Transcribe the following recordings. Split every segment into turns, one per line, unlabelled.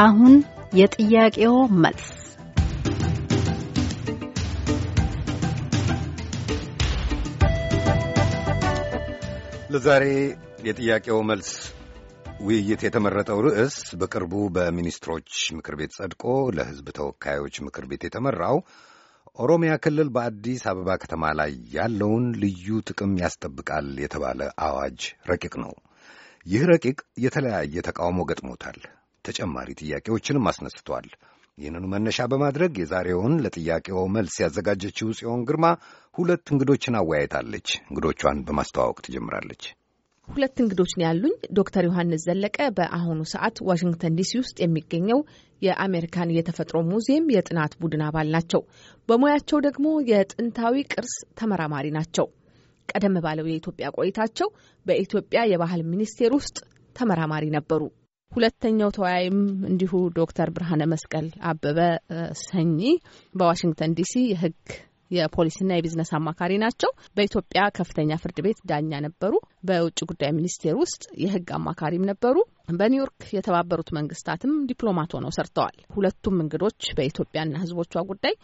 አሁን የጥያቄው መልስ ለዛሬ የጥያቄው መልስ ውይይት የተመረጠው ርዕስ በቅርቡ በሚኒስትሮች ምክር ቤት ጸድቆ ለሕዝብ ተወካዮች ምክር ቤት የተመራው ኦሮሚያ ክልል በአዲስ አበባ ከተማ ላይ ያለውን ልዩ ጥቅም ያስጠብቃል የተባለ አዋጅ ረቂቅ ነው። ይህ ረቂቅ የተለያየ ተቃውሞ ገጥሞታል። ተጨማሪ ጥያቄዎችንም አስነስቷል። ይህንኑ መነሻ በማድረግ የዛሬውን ለጥያቄው መልስ ያዘጋጀችው ጽዮን ግርማ ሁለት እንግዶችን አወያይታለች። እንግዶቿን በማስተዋወቅ ትጀምራለች።
ሁለት እንግዶች ነው ያሉኝ። ዶክተር ዮሐንስ ዘለቀ በአሁኑ ሰዓት ዋሽንግተን ዲሲ ውስጥ የሚገኘው የአሜሪካን የተፈጥሮ ሙዚየም የጥናት ቡድን አባል ናቸው። በሙያቸው ደግሞ የጥንታዊ ቅርስ ተመራማሪ ናቸው። ቀደም ባለው የኢትዮጵያ ቆይታቸው በኢትዮጵያ የባህል ሚኒስቴር ውስጥ ተመራማሪ ነበሩ። ሁለተኛው ተወያይም እንዲሁ ዶክተር ብርሃነ መስቀል አበበ ሰኚ በዋሽንግተን ዲሲ የህግ የፖሊሲና የቢዝነስ አማካሪ ናቸው። በኢትዮጵያ ከፍተኛ ፍርድ ቤት ዳኛ ነበሩ። በውጭ ጉዳይ ሚኒስቴር ውስጥ የህግ አማካሪም ነበሩ። በኒውዮርክ የተባበሩት መንግስታትም ዲፕሎማት ሆነው ሰርተዋል። ሁለቱም እንግዶች በኢትዮጵያና ህዝቦቿ ጉዳይ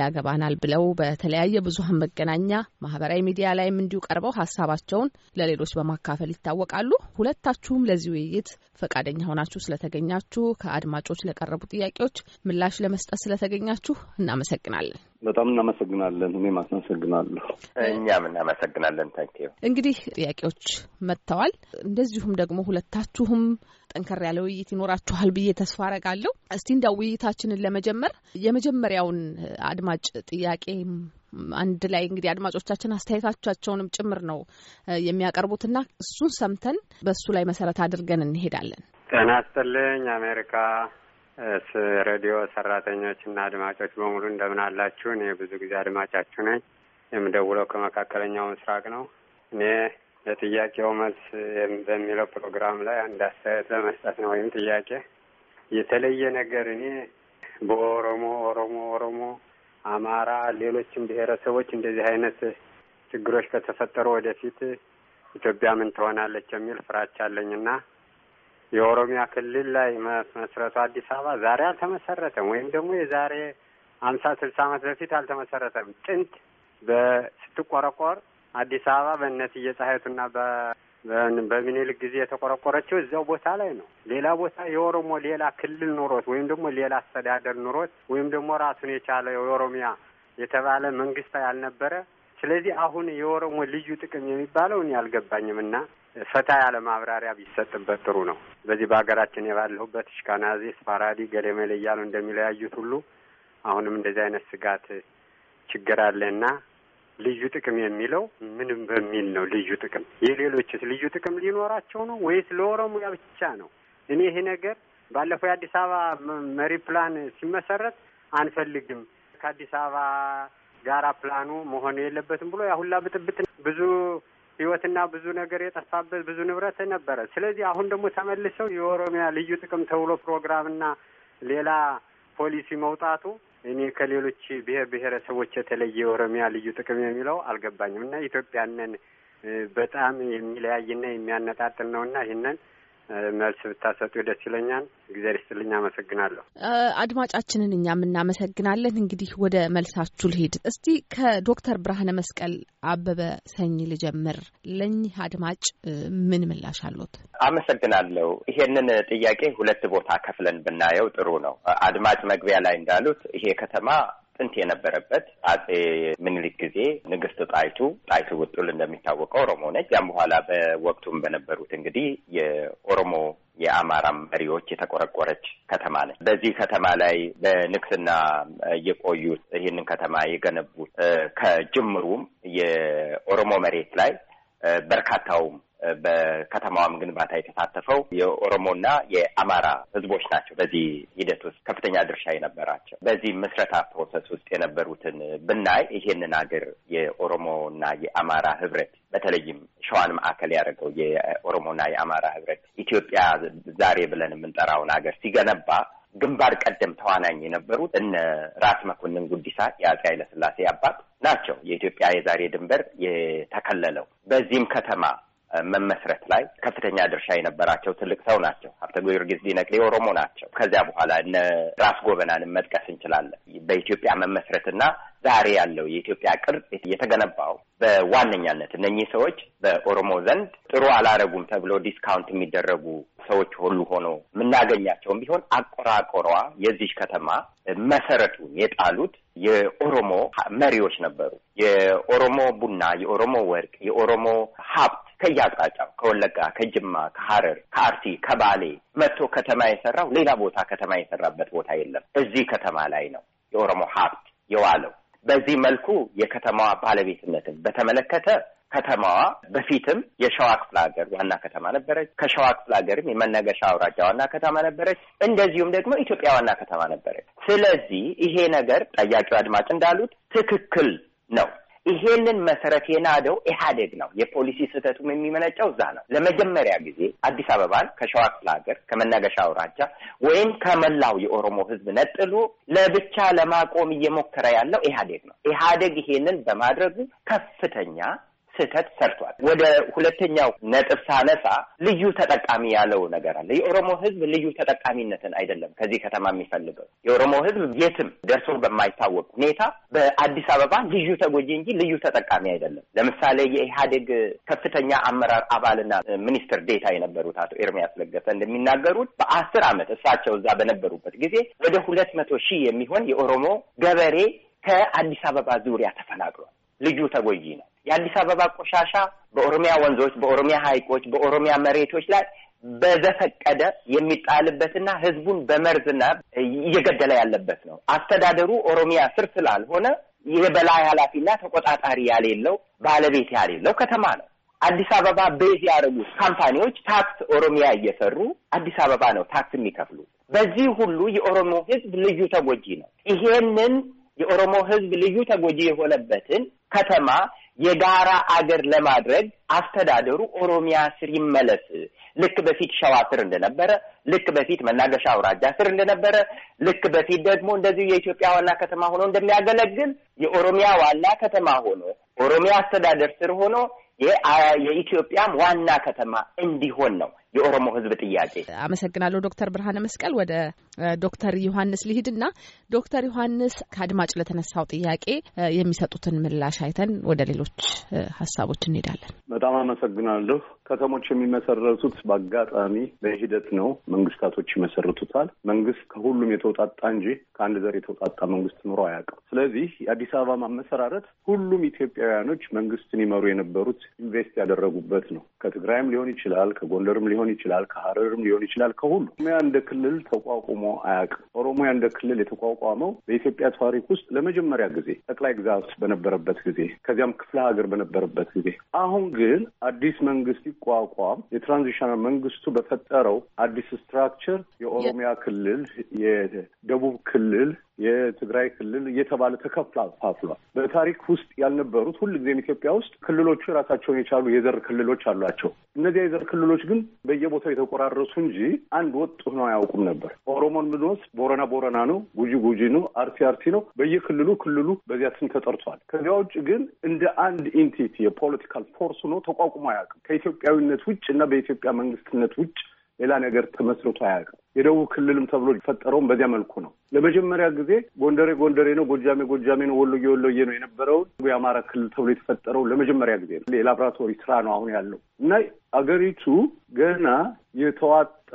ያገባናል ብለው በተለያየ ብዙሀን መገናኛ ማህበራዊ ሚዲያ ላይም እንዲሁ ቀርበው ሀሳባቸውን ለሌሎች በማካፈል ይታወቃሉ። ሁለታችሁም ለዚህ ውይይት ፈቃደኛ ሆናችሁ ስለተገኛችሁ፣ ከአድማጮች ለቀረቡ ጥያቄዎች ምላሽ ለመስጠት ስለተገኛችሁ እናመሰግናለን።
በጣም
እናመሰግናለን። እኔም አመሰግናለሁ። እኛም እናመሰግናለን። ታንኪ
እንግዲህ ጥያቄዎች መጥተዋል። እንደዚሁም ደግሞ ሁለታችሁም ጠንከር ያለ ውይይት ይኖራችኋል ብዬ ተስፋ አረጋለሁ። እስቲ እንዳ ውይይታችንን ለመጀመር የመጀመሪያውን አድማጭ ጥያቄ አንድ ላይ እንግዲህ አድማጮቻችን አስተያየታቸውንም ጭምር ነው የሚያቀርቡትና እሱን ሰምተን በእሱ ላይ መሰረት አድርገን እንሄዳለን።
ጤና ይስጥልኝ አሜሪካ ሬዲዮ ሰራተኞችና አድማጮች በሙሉ እንደምን አላችሁ? እኔ ብዙ ጊዜ አድማጫችሁ ነኝ። የምደውለው ከመካከለኛው ምስራቅ ነው። እኔ ለጥያቄው መልስ በሚለው ፕሮግራም ላይ አንድ አስተያየት ለመስጠት ነው ወይም ጥያቄ የተለየ ነገር እኔ በኦሮሞ ኦሮሞ ኦሮሞ፣ አማራ፣ ሌሎችም ብሔረሰቦች እንደዚህ አይነት ችግሮች ከተፈጠሩ ወደፊት ኢትዮጵያ ምን ትሆናለች የሚል ፍራቻ አለኝና የኦሮሚያ ክልል ላይ መስረቱ አዲስ አበባ ዛሬ አልተመሰረተም፣ ወይም ደግሞ የዛሬ አምሳ ስልሳ ዓመት በፊት አልተመሰረተም። ጥንት በስትቆረቆር አዲስ አበባ በእነት እየጻሀቱና በሚኒልክ ጊዜ የተቆረቆረችው እዚያው ቦታ ላይ ነው። ሌላ ቦታ የኦሮሞ ሌላ ክልል ኑሮት ወይም ደግሞ ሌላ አስተዳደር ኑሮት ወይም ደግሞ ራሱን የቻለ የኦሮሚያ የተባለ መንግስት ያልነበረ። ስለዚህ አሁን የኦሮሞ ልዩ ጥቅም የሚባለው እኔ አልገባኝም እና ፈታ ያለ ማብራሪያ ቢሰጥበት ጥሩ ነው። በዚህ በሀገራችን የባለሁበት ሽካናዚ፣ ስፋራዲ፣ ገሌመሌ እያሉ እንደሚለያዩት ሁሉ አሁንም እንደዚህ አይነት ስጋት ችግር አለና ልዩ ጥቅም የሚለው ምንም በሚል ነው። ልዩ ጥቅም የሌሎችስ ልዩ ጥቅም ሊኖራቸው ነው ወይስ ለኦሮሚያ ብቻ ነው? እኔ ይሄ ነገር ባለፈው የአዲስ አበባ መሪ ፕላን ሲመሰረት አንፈልግም ከአዲስ አበባ ጋራ ፕላኑ መሆን የለበትም ብሎ ያሁላ ብጥብጥ ብዙ ህይወትና ብዙ ነገር የጠፋበት ብዙ ንብረት ነበረ። ስለዚህ አሁን ደግሞ ተመልሰው የኦሮሚያ ልዩ ጥቅም ተብሎ ፕሮግራምና ሌላ ፖሊሲ መውጣቱ እኔ ከሌሎች ብሔር ብሔረሰቦች የተለየ የኦሮሚያ ልዩ ጥቅም የሚለው አልገባኝም እና ኢትዮጵያንን በጣም የሚለያይና የሚያነጣጥል ነውና ይህንን መልስ ብታሰጡ ደስ ይለኛል። እግዚአብሔር ይስጥልኝ። አመሰግናለሁ።
አድማጫችንን እኛም እናመሰግናለን። እንግዲህ ወደ መልሳችሁ ልሄድ። እስቲ ከዶክተር ብርሃነ መስቀል አበበ ሰኝ ልጀምር። ለእኚህ አድማጭ ምን ምላሽ አሉት?
አመሰግናለሁ። ይሄንን ጥያቄ ሁለት ቦታ ከፍለን ብናየው ጥሩ ነው። አድማጭ መግቢያ ላይ እንዳሉት ይሄ ከተማ ጥንት የነበረበት አጼ ምኒልክ ጊዜ ንግስት ጣይቱ ጣይቱ ውጡል እንደሚታወቀው ኦሮሞ ነች። ያም በኋላ በወቅቱም በነበሩት እንግዲህ የኦሮሞ የአማራ መሪዎች የተቆረቆረች ከተማ ነች። በዚህ ከተማ ላይ በንግስና የቆዩት ይህንን ከተማ የገነቡት ከጅምሩም የኦሮሞ መሬት ላይ በርካታውም በከተማዋም ግንባታ የተሳተፈው የኦሮሞና የአማራ ህዝቦች ናቸው። በዚህ ሂደት ውስጥ ከፍተኛ ድርሻ የነበራቸው በዚህ ምስረታ ፕሮሰስ ውስጥ የነበሩትን ብናይ ይሄንን ሀገር የኦሮሞና የአማራ ህብረት በተለይም ሸዋን ማዕከል ያደረገው የኦሮሞና የአማራ ህብረት ኢትዮጵያ ዛሬ ብለን የምንጠራውን ሀገር ሲገነባ ግንባር ቀደም ተዋናኝ የነበሩት እነ ራስ መኮንን ጉዲሳ የአፄ ኃይለስላሴ አባት ናቸው። የኢትዮጵያ የዛሬ ድንበር የተከለለው በዚህም ከተማ መመስረት ላይ ከፍተኛ ድርሻ የነበራቸው ትልቅ ሰው ናቸው። ሀብተ ጊዮርጊስ ዲነቅሌ ኦሮሞ ናቸው። ከዚያ በኋላ እነ ራስ ጎበናን መጥቀስ እንችላለን። በኢትዮጵያ መመስረትና ዛሬ ያለው የኢትዮጵያ ቅርጽ የተገነባው በዋነኛነት እነኚህ ሰዎች በኦሮሞ ዘንድ ጥሩ አላረጉም ተብሎ ዲስካውንት የሚደረጉ ሰዎች ሁሉ ሆኖ የምናገኛቸውም ቢሆን አቆራቆሯ የዚች ከተማ መሰረቱን የጣሉት የኦሮሞ መሪዎች ነበሩ። የኦሮሞ ቡና፣ የኦሮሞ ወርቅ፣ የኦሮሞ ሀብት ከየአቅጣጫው ከወለጋ፣ ከጅማ፣ ከሐረር፣ ከአርሲ፣ ከባሌ መጥቶ ከተማ የሰራው ሌላ ቦታ ከተማ የሰራበት ቦታ የለም። እዚህ ከተማ ላይ ነው የኦሮሞ ሀብት የዋለው። በዚህ መልኩ የከተማዋ ባለቤትነትን በተመለከተ ከተማዋ በፊትም የሸዋ ክፍለ ሀገር ዋና ከተማ ነበረች። ከሸዋ ክፍለ ሀገርም የመነገሻ አውራጃ ዋና ከተማ ነበረች። እንደዚሁም ደግሞ ኢትዮጵያ ዋና ከተማ ነበረች። ስለዚህ ይሄ ነገር ጠያቂው አድማጭ እንዳሉት ትክክል ነው። ይሄንን መሰረት የናደው ኢህአዴግ ነው። የፖሊሲ ስህተቱም የሚመነጨው እዛ ነው። ለመጀመሪያ ጊዜ አዲስ አበባን ከሸዋ ክፍለ ሀገር ከመናገሻ አውራጃ ወይም ከመላው የኦሮሞ ህዝብ ነጥሎ ለብቻ ለማቆም እየሞከረ ያለው ኢህአዴግ ነው። ኢህአዴግ ይሄንን በማድረጉ ከፍተኛ ስህተት ሰርቷል። ወደ ሁለተኛው ነጥብ ሳነሳ ልዩ ተጠቃሚ ያለው ነገር አለ። የኦሮሞ ህዝብ ልዩ ተጠቃሚነትን አይደለም ከዚህ ከተማ የሚፈልገው። የኦሮሞ ህዝብ የትም ደርሶ በማይታወቅ ሁኔታ በአዲስ አበባ ልዩ ተጎጂ እንጂ ልዩ ተጠቃሚ አይደለም። ለምሳሌ የኢህአዴግ ከፍተኛ አመራር አባልና ሚኒስትር ዴታ የነበሩት አቶ ኤርሚያስ ለገሰ እንደሚናገሩት በአስር ዓመት እሳቸው እዛ በነበሩበት ጊዜ ወደ ሁለት መቶ ሺህ የሚሆን የኦሮሞ ገበሬ ከአዲስ አበባ ዙሪያ ተፈናቅሏል። ልዩ ተጎጂ ነው። የአዲስ አበባ ቆሻሻ በኦሮሚያ ወንዞች፣ በኦሮሚያ ሐይቆች፣ በኦሮሚያ መሬቶች ላይ በዘፈቀደ የሚጣልበትና ህዝቡን በመርዝና እየገደለ ያለበት ነው። አስተዳደሩ ኦሮሚያ ስር ስላልሆነ የበላይ ኃላፊና ተቆጣጣሪ ያሌለው ባለቤት ያሌለው ከተማ ነው። አዲስ አበባ ቤዝ ያደረጉት ካምፓኒዎች ታክስ ኦሮሚያ እየሰሩ አዲስ አበባ ነው ታክስ የሚከፍሉ። በዚህ ሁሉ የኦሮሞ ህዝብ ልዩ ተጎጂ ነው። ይሄንን የኦሮሞ ህዝብ ልዩ ተጎጂ የሆነበትን ከተማ የጋራ አገር ለማድረግ አስተዳደሩ ኦሮሚያ ስር ይመለስ። ልክ በፊት ሸዋ ስር እንደነበረ፣ ልክ በፊት መናገሻ አውራጃ ስር እንደነበረ፣ ልክ በፊት ደግሞ እንደዚሁ የኢትዮጵያ ዋና ከተማ ሆኖ እንደሚያገለግል የኦሮሚያ ዋና ከተማ ሆኖ ኦሮሚያ አስተዳደር ስር ሆኖ የኢትዮጵያም ዋና ከተማ እንዲሆን ነው የኦሮሞ ህዝብ ጥያቄ።
አመሰግናለሁ ዶክተር ብርሃነ መስቀል። ወደ ዶክተር ዮሐንስ ሊሂድና ዶክተር ዮሐንስ ከአድማጭ ለተነሳው ጥያቄ የሚሰጡትን ምላሽ አይተን ወደ ሌሎች ሀሳቦች እንሄዳለን።
በጣም አመሰግናለሁ። ከተሞች የሚመሰረቱት በአጋጣሚ በሂደት ነው። መንግስታቶች ይመሰርቱታል። መንግስት ከሁሉም የተውጣጣ እንጂ ከአንድ ዘር የተውጣጣ መንግስት ኑሮ አያውቅም። ስለዚህ የአዲስ አበባ ማመሰራረት ሁሉም ኢትዮጵያውያኖች መንግስትን ይመሩ የነበሩት ኢንቨስት ያደረጉበት ነው። ከትግራይም ሊሆን ይችላል፣ ከጎንደርም ሊሆን ሊሆን ይችላል፣ ከሀረርም ሊሆን ይችላል፣ ከሁሉ ኦሮሚያ እንደ ክልል ተቋቁሞ አያውቅም። ኦሮሚያ እንደ ክልል የተቋቋመው በኢትዮጵያ ታሪክ ውስጥ ለመጀመሪያ ጊዜ ጠቅላይ ግዛት በነበረበት ጊዜ፣ ከዚያም ክፍለ ሀገር በነበረበት ጊዜ። አሁን ግን አዲስ መንግስት ይቋቋም የትራንዚሽናል መንግስቱ በፈጠረው አዲስ ስትራክቸር የኦሮሚያ ክልል የደቡብ ክልል የትግራይ ክልል እየተባለ ፋፍሏል። በታሪክ ውስጥ ያልነበሩት ሁልጊዜም ኢትዮጵያ ውስጥ ክልሎቹ ራሳቸውን የቻሉ የዘር ክልሎች አሏቸው። እነዚያ የዘር ክልሎች ግን በየቦታው የተቆራረሱ እንጂ አንድ ወጥ ሆነው አያውቁም ነበር። ኦሮሞን ብንወስድ ቦረና ቦረና ነው፣ ጉጂ ጉጂ ነው፣ አርሲ አርሲ ነው። በየክልሉ ክልሉ በዚያ ስም ተጠርቷል። ከዚያ ውጭ ግን እንደ አንድ ኢንቲቲ የፖለቲካል ፎርስ ሆኖ ተቋቁሞ አያውቅም። ከኢትዮጵያዊነት ውጭ እና በኢትዮጵያ መንግስትነት ውጭ ሌላ ነገር ተመስርቶ አያውቅም። የደቡብ ክልልም ተብሎ ሊፈጠረውም በዚያ መልኩ ነው። ለመጀመሪያ ጊዜ ጎንደሬ ጎንደሬ ነው፣ ጎጃሜ ጎጃሜ ነው፣ ወሎዬ ወሎዬ ነው የነበረውን የአማራ ክልል ተብሎ የተፈጠረው ለመጀመሪያ ጊዜ ነው። የላብራቶሪ ስራ ነው አሁን ያለው እና አገሪቱ ገና የተዋጣ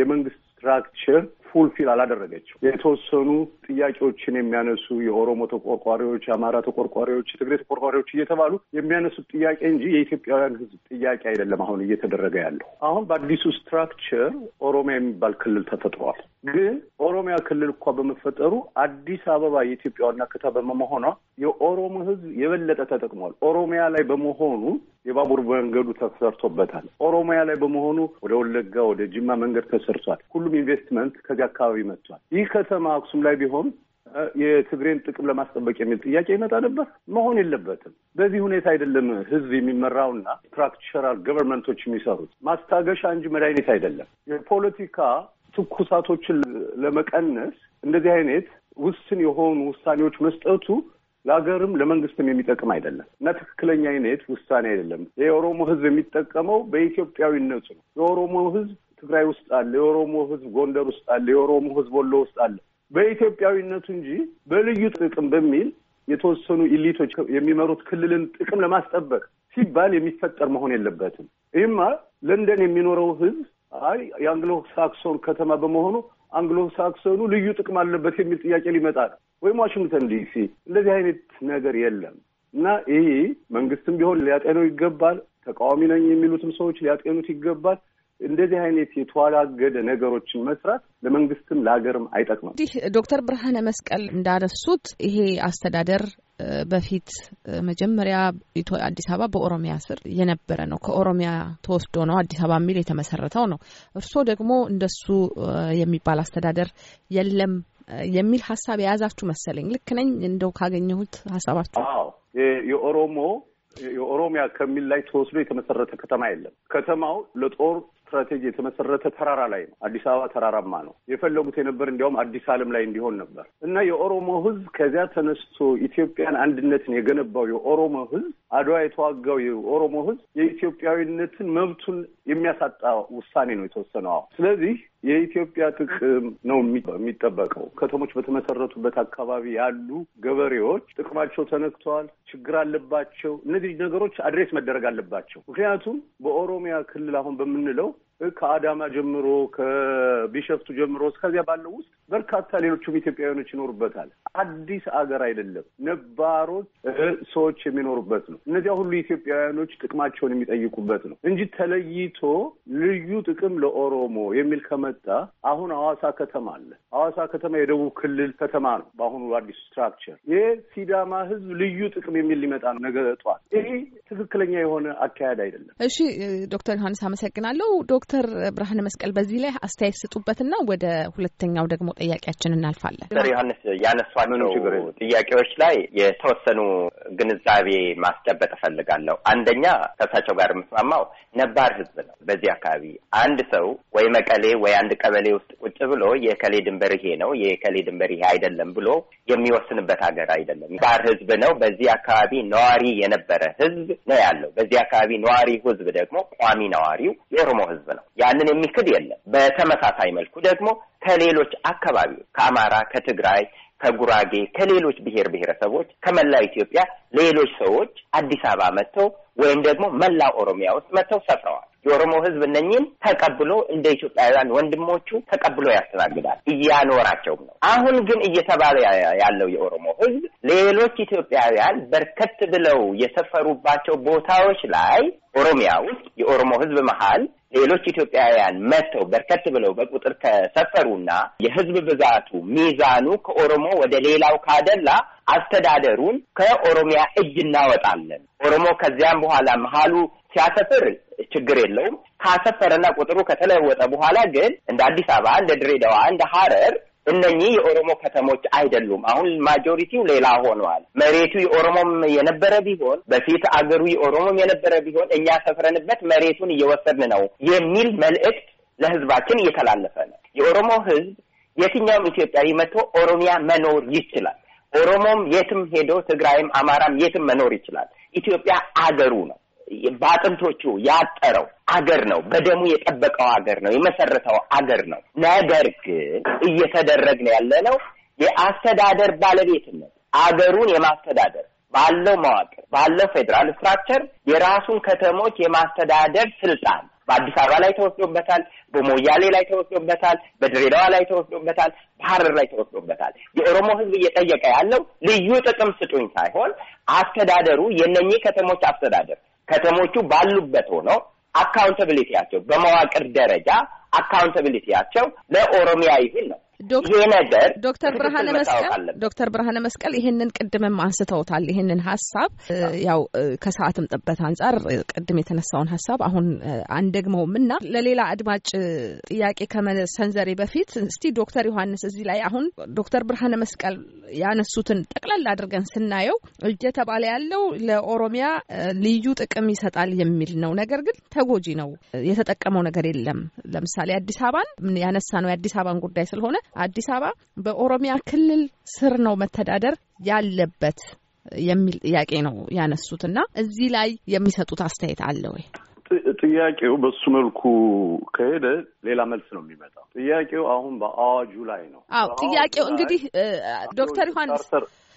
የመንግስት ስትራክቸር ፉልፊል አላደረገችው። የተወሰኑ ጥያቄዎችን የሚያነሱ የኦሮሞ ተቆርቋሪዎች፣ የአማራ ተቆርቋሪዎች፣ የትግሬ ተቆርቋሪዎች እየተባሉ የሚያነሱት ጥያቄ እንጂ የኢትዮጵያውያን ሕዝብ ጥያቄ አይደለም። አሁን እየተደረገ ያለው አሁን በአዲሱ ስትራክቸር ኦሮሚያ የሚባል ክልል ተፈጥሯል። ግን ኦሮሚያ ክልል እኳ በመፈጠሩ አዲስ አበባ የኢትዮጵያ ዋና ከተማ መሆኗ የኦሮሞ ሕዝብ የበለጠ ተጠቅሟል። ኦሮሚያ ላይ በመሆኑ የባቡር መንገዱ ተሰርቶበታል። ኦሮሚያ ላይ በመሆኑ ወደ ወለጋ፣ ወደ ጅማ መንገድ ተሰርቷል። ሁሉም ኢንቨስትመንት እዚህ አካባቢ መጥቷል። ይህ ከተማ አክሱም ላይ ቢሆን የትግሬን ጥቅም ለማስጠበቅ የሚል ጥያቄ ይመጣ ነበር። መሆን የለበትም። በዚህ ሁኔታ አይደለም ህዝብ የሚመራውና ስትራክቸራል ገቨርንመንቶች የሚሰሩት። ማስታገሻ እንጂ መድኃኒት አይደለም። የፖለቲካ ትኩሳቶችን ለመቀነስ እንደዚህ አይነት ውስን የሆኑ ውሳኔዎች መስጠቱ ለሀገርም ለመንግስትም የሚጠቅም አይደለም እና ትክክለኛ አይነት ውሳኔ አይደለም። የኦሮሞ ህዝብ የሚጠቀመው በኢትዮጵያዊነቱ ነው። የኦሮሞ ህዝብ ትግራይ ውስጥ አለ፣ የኦሮሞ ህዝብ ጎንደር ውስጥ አለ፣ የኦሮሞ ህዝብ ወሎ ውስጥ አለ። በኢትዮጵያዊነቱ እንጂ በልዩ ጥቅም በሚል የተወሰኑ ኢሊቶች የሚመሩት ክልልን ጥቅም ለማስጠበቅ ሲባል የሚፈጠር መሆን የለበትም። ይህማ ለንደን የሚኖረው ህዝብ አይ የአንግሎ ሳክሶን ከተማ በመሆኑ አንግሎ ሳክሶኑ ልዩ ጥቅም አለበት የሚል ጥያቄ ሊመጣል፣ ወይም ዋሽንግተን ዲሲ እንደዚህ አይነት ነገር የለም እና ይህ መንግስትም ቢሆን ሊያጤነው ይገባል። ተቃዋሚ ነኝ የሚሉትም ሰዎች ሊያጤኑት ይገባል። እንደዚህ አይነት የተዋላገደ ነገሮችን መስራት ለመንግስትም ለሀገርም አይጠቅምም። እንዲህ
ዶክተር ብርሃነ መስቀል እንዳነሱት ይሄ አስተዳደር በፊት መጀመሪያ አዲስ አበባ በኦሮሚያ ስር የነበረ ነው። ከኦሮሚያ ተወስዶ ነው አዲስ አበባ የሚል የተመሰረተው ነው። እርስዎ ደግሞ እንደሱ የሚባል አስተዳደር የለም የሚል ሀሳብ የያዛችሁ መሰለኝ። ልክ ነኝ? እንደው ካገኘሁት ሀሳባችሁ።
የኦሮሞ የኦሮሚያ ከሚል ላይ ተወስዶ የተመሰረተ ከተማ የለም። ከተማው ለጦር ስትራቴጂ የተመሰረተ ተራራ ላይ ነው። አዲስ አበባ ተራራማ ነው። የፈለጉት የነበር እንዲያውም አዲስ ዓለም ላይ እንዲሆን ነበር እና የኦሮሞ ህዝብ ከዚያ ተነስቶ ኢትዮጵያን አንድነትን የገነባው የኦሮሞ ህዝብ አድዋ የተዋጋው የኦሮሞ ህዝብ የኢትዮጵያዊነትን መብቱን የሚያሳጣ ውሳኔ ነው የተወሰነው። ስለዚህ የኢትዮጵያ ጥቅም ነው የሚጠበቀው። ከተሞች በተመሰረቱበት አካባቢ ያሉ ገበሬዎች ጥቅማቸው ተነክተዋል፣ ችግር አለባቸው። እነዚህ ነገሮች አድሬስ መደረግ አለባቸው። ምክንያቱም በኦሮሚያ ክልል አሁን በምንለው ከአዳማ ጀምሮ ከቢሸፍቱ ጀምሮ እስከዚያ ባለው ውስጥ በርካታ ሌሎቹም ኢትዮጵያውያኖች ይኖሩበታል። አዲስ አገር አይደለም፣ ነባሮች ሰዎች የሚኖሩበት ነው። እነዚያ ሁሉ ኢትዮጵያውያኖች ጥቅማቸውን የሚጠይቁበት ነው እንጂ ተለይቶ ልዩ ጥቅም ለኦሮሞ የሚል ከመጣ አሁን አዋሳ ከተማ አለ። አዋሳ ከተማ የደቡብ ክልል ከተማ ነው በአሁኑ አዲስ ስትራክቸር። ይህ ሲዳማ ህዝብ ልዩ ጥቅም የሚል ሊመጣ ነው ነገ ጠዋት። ይህ ትክክለኛ የሆነ አካሄድ አይደለም።
እሺ ዶክተር ዮሐንስ አመሰግናለሁ። ዶክተር ብርሃነ መስቀል በዚህ ላይ አስተያየት ስጡበትና ወደ ሁለተኛው ደግሞ ጥያቄያችን እናልፋለን። ዶክተር
ዮሐንስ ያነሷቸው ጥያቄዎች ላይ የተወሰኑ ግንዛቤ ማስጨበጥ እፈልጋለሁ። አንደኛ ከእሳቸው ጋር የምስማማው ነባር ህዝብ ነው። በዚህ አካባቢ አንድ ሰው ወይ መቀሌ ወይ አንድ ቀበሌ ውስጥ ቁጭ ብሎ የከሌ ድንበር ይሄ ነው የከሌ ድንበር ይሄ አይደለም ብሎ የሚወስንበት ሀገር አይደለም። ነባር ህዝብ ነው። በዚህ አካባቢ ነዋሪ የነበረ ህዝብ ነው ያለው። በዚህ አካባቢ ነዋሪ ህዝብ ደግሞ ቋሚ ነዋሪው የኦሮሞ ህዝብ ነው። ያንን የሚክድ የለም። በተመሳሳይ መልኩ ደግሞ ከሌሎች አካባቢዎች ከአማራ፣ ከትግራይ ከጉራጌ፣ ከሌሎች ብሔር ብሔረሰቦች፣ ከመላው ኢትዮጵያ ሌሎች ሰዎች አዲስ አበባ መጥተው ወይም ደግሞ መላ ኦሮሚያ ውስጥ መጥተው ሰፍረዋል። የኦሮሞ ሕዝብ እነኝን ተቀብሎ እንደ ኢትዮጵያውያን ወንድሞቹ ተቀብሎ ያስተናግዳል፣ እያኖራቸውም ነው። አሁን ግን እየተባለ ያለው የኦሮሞ ሕዝብ ሌሎች ኢትዮጵያውያን በርከት ብለው የሰፈሩባቸው ቦታዎች ላይ ኦሮሚያ ውስጥ የኦሮሞ ሕዝብ መሀል ሌሎች ኢትዮጵያውያን መጥተው በርከት ብለው በቁጥር ከሰፈሩና የህዝብ ብዛቱ ሚዛኑ ከኦሮሞ ወደ ሌላው ካደላ አስተዳደሩን ከኦሮሚያ እጅ እናወጣለን። ኦሮሞ ከዚያም በኋላ መሀሉ ሲያሰፍር ችግር የለውም። ካሰፈረና ቁጥሩ ከተለወጠ በኋላ ግን እንደ አዲስ አበባ፣ እንደ ድሬዳዋ፣ እንደ ሀረር እነኚህ የኦሮሞ ከተሞች አይደሉም። አሁን ማጆሪቲው ሌላ ሆነዋል። መሬቱ የኦሮሞም የነበረ ቢሆን በፊት አገሩ የኦሮሞም የነበረ ቢሆን እኛ ሰፍረንበት መሬቱን እየወሰድን ነው የሚል መልእክት ለህዝባችን እየተላለፈ ነው። የኦሮሞ ህዝብ የትኛውም ኢትዮጵያዊ መጥቶ ኦሮሚያ መኖር ይችላል። ኦሮሞም የትም ሄዶ ትግራይም፣ አማራም የትም መኖር ይችላል። ኢትዮጵያ አገሩ ነው። በአጥንቶቹ ያጠረው አገር ነው። በደሙ የጠበቀው አገር ነው። የመሰረተው አገር ነው። ነገር ግን እየተደረግን ያለ ነው የአስተዳደር ባለቤትነት አገሩን የማስተዳደር ባለው መዋቅር ባለው ፌዴራል ስትራክቸር የራሱን ከተሞች የማስተዳደር ስልጣን በአዲስ አበባ ላይ ተወስዶበታል። በሞያሌ ላይ ተወስዶበታል። በድሬዳዋ ላይ ተወስዶበታል። በሐረር ላይ ተወስዶበታል። የኦሮሞ ሕዝብ እየጠየቀ ያለው ልዩ ጥቅም ስጡኝ ሳይሆን አስተዳደሩ የነኚህ ከተሞች አስተዳደር ከተሞቹ ባሉበት ሆነው አካውንታብሊቲያቸው በመዋቅር ደረጃ አካውንታብሊቲያቸው ለኦሮሚያ ይሁን ነው ይሄ ነገር ዶክተር ብርሃነ መስቀል
ዶክተር ብርሃነ መስቀል ይህንን ቅድምም አንስተውታል። ይህንን ሀሳብ ያው ከሰዓትም ጥበት አንጻር ቅድም የተነሳውን ሀሳብ አሁን አንደግመውም እና ለሌላ አድማጭ ጥያቄ ከመሰንዘሬ በፊት እስቲ ዶክተር ዮሐንስ እዚህ ላይ አሁን ዶክተር ብርሃነ መስቀል ያነሱትን ጠቅላል አድርገን ስናየው እየተባለ ያለው ለኦሮሚያ ልዩ ጥቅም ይሰጣል የሚል ነው። ነገር ግን ተጎጂ ነው፣ የተጠቀመው ነገር የለም። ለምሳሌ አዲስ አበባን ያነሳ ነው የአዲስ አበባን ጉዳይ ስለሆነ አዲስ አበባ በኦሮሚያ ክልል ስር ነው መተዳደር ያለበት የሚል ጥያቄ ነው ያነሱት እና እዚህ ላይ የሚሰጡት አስተያየት አለ ወይ?
ጥያቄው በሱ መልኩ ከሄደ ሌላ መልስ ነው የሚመጣው። ጥያቄው አሁን በአዋጁ ላይ ነው።
አዎ ጥያቄው እንግዲህ ዶክተር ዮሐንስ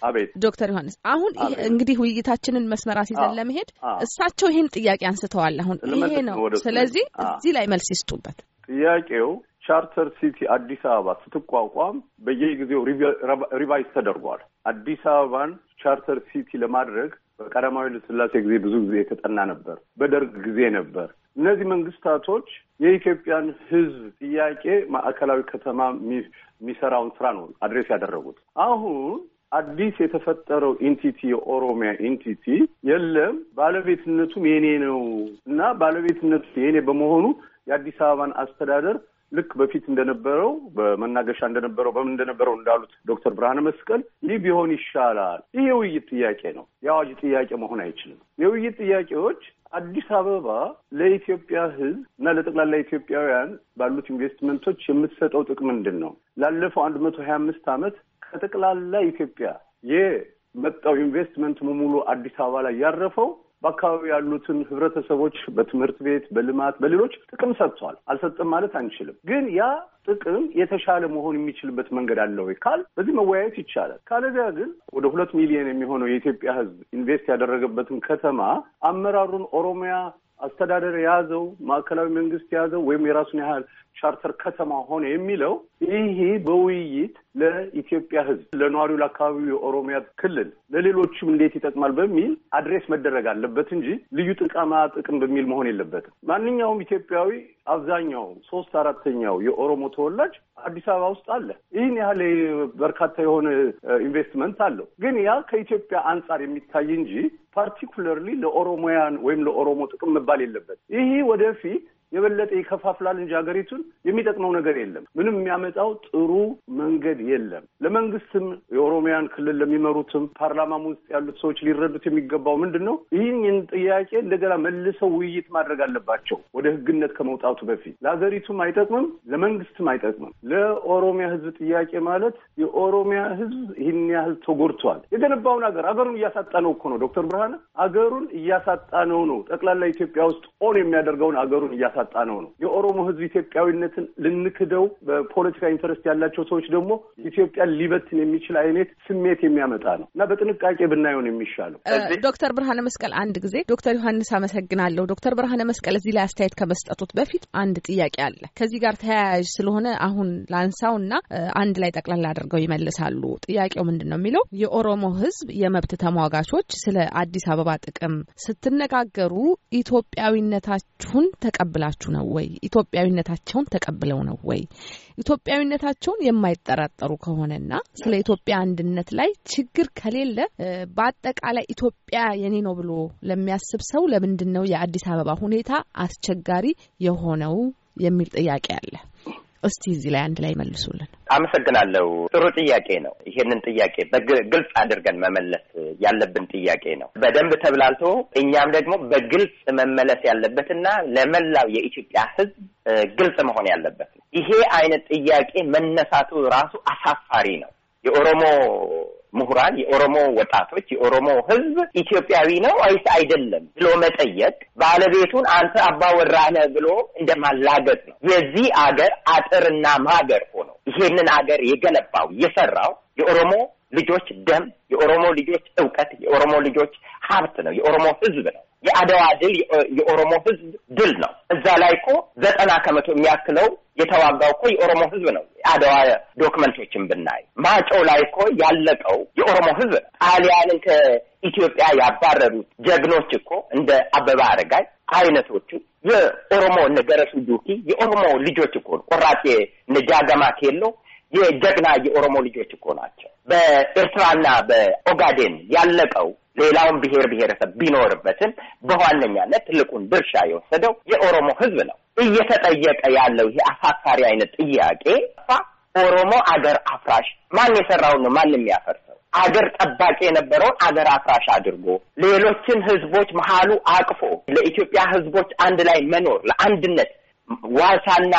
አቤት ዶክተር ዮሐንስ አሁን እንግዲህ ውይይታችንን መስመር አስይዘን ለመሄድ እሳቸው ይህን ጥያቄ አንስተዋል። አሁን ይሄ ነው። ስለዚህ እዚህ ላይ መልስ ይስጡበት።
ጥያቄው ቻርተር ሲቲ አዲስ አበባ ስትቋቋም በየጊዜው ሪቫይዝ ተደርጓል። አዲስ አበባን ቻርተር ሲቲ ለማድረግ በቀዳማዊ ኃይለ ሥላሴ ጊዜ ብዙ ጊዜ የተጠና ነበር፣ በደርግ ጊዜ ነበር። እነዚህ መንግስታቶች የኢትዮጵያን ሕዝብ ጥያቄ ማዕከላዊ ከተማ የሚሰራውን ስራ ነው አድሬስ ያደረጉት። አሁን አዲስ የተፈጠረው ኢንቲቲ የኦሮሚያ ኢንቲቲ የለም፣ ባለቤትነቱም የኔ ነው እና ባለቤትነቱ የኔ በመሆኑ የአዲስ አበባን አስተዳደር ልክ በፊት እንደነበረው በመናገሻ እንደነበረው በምን እንደነበረው እንዳሉት ዶክተር ብርሃነ መስቀል ይህ ቢሆን ይሻላል። ይህ የውይይት ጥያቄ ነው፣ የአዋጅ ጥያቄ መሆን አይችልም። የውይይት ጥያቄዎች አዲስ አበባ ለኢትዮጵያ ሕዝብ እና ለጠቅላላ ኢትዮጵያውያን ባሉት ኢንቨስትመንቶች የምትሰጠው ጥቅም ምንድን ነው? ላለፈው አንድ መቶ ሀያ አምስት ዓመት ከጠቅላላ ኢትዮጵያ የመጣው ኢንቨስትመንት በሙሉ አዲስ አበባ ላይ ያረፈው በአካባቢው ያሉትን ህብረተሰቦች በትምህርት ቤት፣ በልማት፣ በሌሎች ጥቅም ሰጥቷል። አልሰጥም ማለት አንችልም። ግን ያ ጥቅም የተሻለ መሆን የሚችልበት መንገድ አለ ወይ ካል በዚህ መወያየት ይቻላል። ካለዚያ ግን ወደ ሁለት ሚሊዮን የሚሆነው የኢትዮጵያ ህዝብ ኢንቨስት ያደረገበትን ከተማ አመራሩን ኦሮሚያ አስተዳደር የያዘው ማዕከላዊ መንግስት የያዘው ወይም የራሱን ያህል ቻርተር ከተማ ሆነ የሚለው ይሄ በውይይት ለኢትዮጵያ ሕዝብ ለነዋሪው፣ ለአካባቢው የኦሮሚያ ክልል ለሌሎችም እንዴት ይጠቅማል በሚል አድሬስ መደረግ አለበት እንጂ ልዩ ጥቅማ ጥቅም በሚል መሆን የለበትም። ማንኛውም ኢትዮጵያዊ አብዛኛው ሶስት አራተኛው የኦሮሞ ተወላጅ አዲስ አበባ ውስጥ አለ። ይህን ያህል በርካታ የሆነ ኢንቨስትመንት አለው። ግን ያ ከኢትዮጵያ አንጻር የሚታይ እንጂ ፓርቲኩለርሊ ለኦሮሞያን ወይም ለኦሮሞ ጥቅም መባል የለበት። ይህ ወደፊት የበለጠ ይከፋፍላል እንጂ ሀገሪቱን የሚጠቅመው ነገር የለም። ምንም የሚያመጣው ጥሩ መንገድ የለም። ለመንግስትም የኦሮሚያን ክልል ለሚመሩትም ፓርላማም ውስጥ ያሉት ሰዎች ሊረዱት የሚገባው ምንድን ነው? ይህን ጥያቄ እንደገና መልሰው ውይይት ማድረግ አለባቸው። ወደ ህግነት ከመውጣቱ በፊት ለሀገሪቱም አይጠቅምም፣ ለመንግስትም አይጠቅምም። ለኦሮሚያ ህዝብ ጥያቄ ማለት የኦሮሚያ ህዝብ ይህን ያህል ተጎድቷል። የገነባውን ሀገር አገሩን እያሳጣ ነው እኮ ነው ዶክተር ብርሃነ አገሩን እያሳጣ ነው ነው ጠቅላላ ኢትዮጵያ ውስጥ ኦን የሚያደርገውን አገሩን እያሳ ያሳጣ ነው ነው የኦሮሞ ህዝብ ኢትዮጵያዊነትን ልንክደው በፖለቲካ ኢንተረስት ያላቸው ሰዎች ደግሞ ኢትዮጵያን ሊበትን የሚችል አይነት ስሜት የሚያመጣ ነው እና በጥንቃቄ ብናየውን የሚሻለው።
ዶክተር ብርሃነ መስቀል አንድ ጊዜ ዶክተር ዮሐንስ አመሰግናለሁ። ዶክተር ብርሃነ መስቀል እዚህ ላይ አስተያየት ከመስጠቶት በፊት አንድ ጥያቄ አለ። ከዚህ ጋር ተያያዥ ስለሆነ አሁን ላንሳው እና አንድ ላይ ጠቅላላ አድርገው ይመልሳሉ። ጥያቄው ምንድን ነው የሚለው የኦሮሞ ህዝብ የመብት ተሟጋቾች ስለ አዲስ አበባ ጥቅም ስትነጋገሩ ኢትዮጵያዊነታችሁን ተቀብላ ተጠራጥራችሁ ነው ወይ? ኢትዮጵያዊነታቸውን ተቀብለው ነው ወይ? ኢትዮጵያዊነታቸውን የማይጠራጠሩ ከሆነና ስለ ኢትዮጵያ አንድነት ላይ ችግር ከሌለ በአጠቃላይ ኢትዮጵያ የኔ ነው ብሎ ለሚያስብ ሰው ለምንድን ነው የአዲስ አበባ ሁኔታ አስቸጋሪ የሆነው የሚል ጥያቄ አለ። እስቲ እዚህ ላይ አንድ ላይ መልሱልን።
አመሰግናለሁ። ጥሩ ጥያቄ ነው። ይሄንን ጥያቄ በግልጽ አድርገን መመለስ ያለብን ጥያቄ ነው። በደንብ ተብላልቶ እኛም ደግሞ በግልጽ መመለስ ያለበትና ለመላው የኢትዮጵያ ሕዝብ ግልጽ መሆን ያለበት ነው። ይሄ አይነት ጥያቄ መነሳቱ ራሱ አሳፋሪ ነው። የኦሮሞ ምሁራን፣ የኦሮሞ ወጣቶች፣ የኦሮሞ ህዝብ ኢትዮጵያዊ ነው ወይስ አይደለም ብሎ መጠየቅ ባለቤቱን አንተ አባወራህ ነህ ብሎ እንደማላገጥ ነው። የዚህ አገር አጥርና ማገር ሆኖ ይሄንን አገር የገነባው የሰራው የኦሮሞ ልጆች ደም፣ የኦሮሞ ልጆች እውቀት፣ የኦሮሞ ልጆች ሀብት ነው። የኦሮሞ ህዝብ ነው። የአድዋ ድል የኦሮሞ ህዝብ ድል ነው። እዛ ላይ እኮ ዘጠና ከመቶ የሚያክለው የተዋጋው እኮ የኦሮሞ ህዝብ ነው። የአድዋ ዶክመንቶችን ብናይ ማጮ ላይ እኮ ያለቀው የኦሮሞ ህዝብ ነው። ጣሊያንን ከኢትዮጵያ ያባረሩት ጀግኖች እኮ እንደ አበባ አረጋይ አይነቶቹ የኦሮሞ እነ ገረሱ ዱኪ የኦሮሞ ልጆች እኮ ቆራጤ እነ ጃገማ ኬሎ የጀግና የኦሮሞ ልጆች እኮ ናቸው። በኤርትራና በኦጋዴን ያለቀው ሌላውን ብሔር ብሔረሰብ ቢኖርበትም በዋነኛነት ትልቁን ድርሻ የወሰደው የኦሮሞ ህዝብ ነው። እየተጠየቀ ያለው ይሄ አሳሳሪ አይነት ጥያቄ ኦሮሞ አገር አፍራሽ ማን የሰራውን ነው ማን የሚያፈርሰው? አገር ጠባቂ የነበረውን አገር አፍራሽ አድርጎ ሌሎችን ህዝቦች መሀሉ አቅፎ ለኢትዮጵያ ህዝቦች አንድ ላይ መኖር ለአንድነት ዋልታና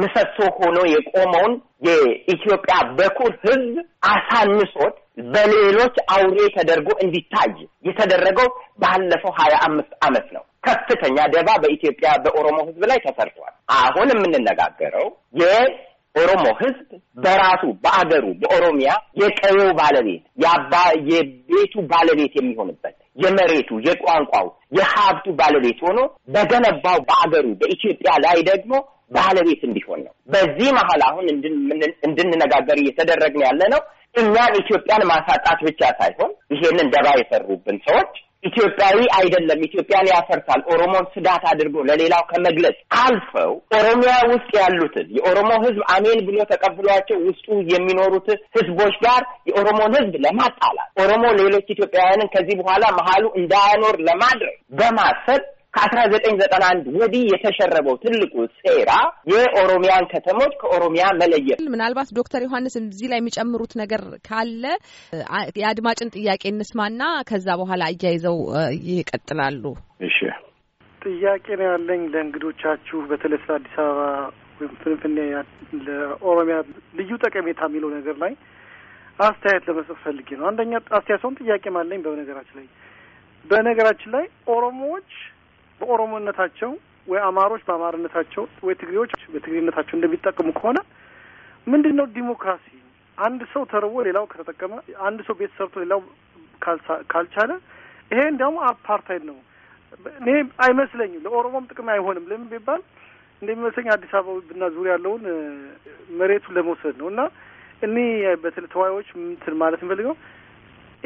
ምሰሶ ሆኖ የቆመውን የኢትዮጵያ በኩር ህዝብ አሳንሶት በሌሎች አውሬ ተደርጎ እንዲታይ የተደረገው ባለፈው ሀያ አምስት ዓመት ነው። ከፍተኛ ደባ በኢትዮጵያ በኦሮሞ ህዝብ ላይ ተሰርቷል። አሁን የምንነጋገረው የኦሮሞ ህዝብ በራሱ በአገሩ በኦሮሚያ የቀየው ባለቤት የአባ የቤቱ ባለቤት የሚሆንበት የመሬቱ፣ የቋንቋው፣ የሀብቱ ባለቤት ሆኖ በገነባው በአገሩ በኢትዮጵያ ላይ ደግሞ ባለቤት እንዲሆን ነው። በዚህ መሀል አሁን እንድንነጋገር እየተደረግን ያለ ነው እኛን ኢትዮጵያን ማሳጣት ብቻ ሳይሆን ይሄንን ደባ የሰሩብን ሰዎች ኢትዮጵያዊ አይደለም፣ ኢትዮጵያን ያፈርሳል፣ ኦሮሞን ስዳት አድርጎ ለሌላው ከመግለጽ አልፈው ኦሮሚያ ውስጥ ያሉትን የኦሮሞ ህዝብ አሜን ብሎ ተቀብሏቸው ውስጡ የሚኖሩት ህዝቦች ጋር የኦሮሞን ህዝብ ለማጣላት ኦሮሞ ሌሎች ኢትዮጵያውያንን ከዚህ በኋላ መሀሉ እንዳያኖር ለማድረግ በማሰብ ከአስራ ዘጠኝ ዘጠና አንድ ወዲህ የተሸረበው ትልቁ ሴራ የኦሮሚያን ከተሞች ከኦሮሚያ መለየት።
ምናልባት ዶክተር ዮሐንስ እዚህ ላይ የሚጨምሩት ነገር ካለ የአድማጭን ጥያቄ እንስማና ከዛ በኋላ አያይዘው ይቀጥላሉ። እሺ፣
ጥያቄ ነው ያለኝ ለእንግዶቻችሁ በተለይ ስለ አዲስ አበባ ወይም ፍንፍኔ ለኦሮሚያ ልዩ ጠቀሜታ የሚለው ነገር ላይ አስተያየት ለመስጠት ፈልጌ ነው። አንደኛ አስተያየት ሰውን ጥያቄ ማለኝ በነገራችን ላይ በነገራችን ላይ ኦሮሞዎች በኦሮሞነታቸው ወይ አማሮች በአማርነታቸው ወይ ትግሬዎች በትግሬነታቸው እንደሚጠቀሙ ከሆነ ምንድን ነው ዲሞክራሲ? አንድ ሰው ተርቦ ሌላው ከተጠቀመ፣ አንድ ሰው ቤት ሰርቶ ሌላው ካልቻለ፣ ይሄ እንዲያውም አፓርታይድ ነው። እኔ አይመስለኝም፣ ለኦሮሞም ጥቅም አይሆንም። ለምን ቢባል እንደሚመስለኝ አዲስ ብና ዙሪያ ያለውን መሬቱን ለመውሰድ ነው። እና እኔ በተለ ተዋዮች ምንትን ማለት እንፈልገው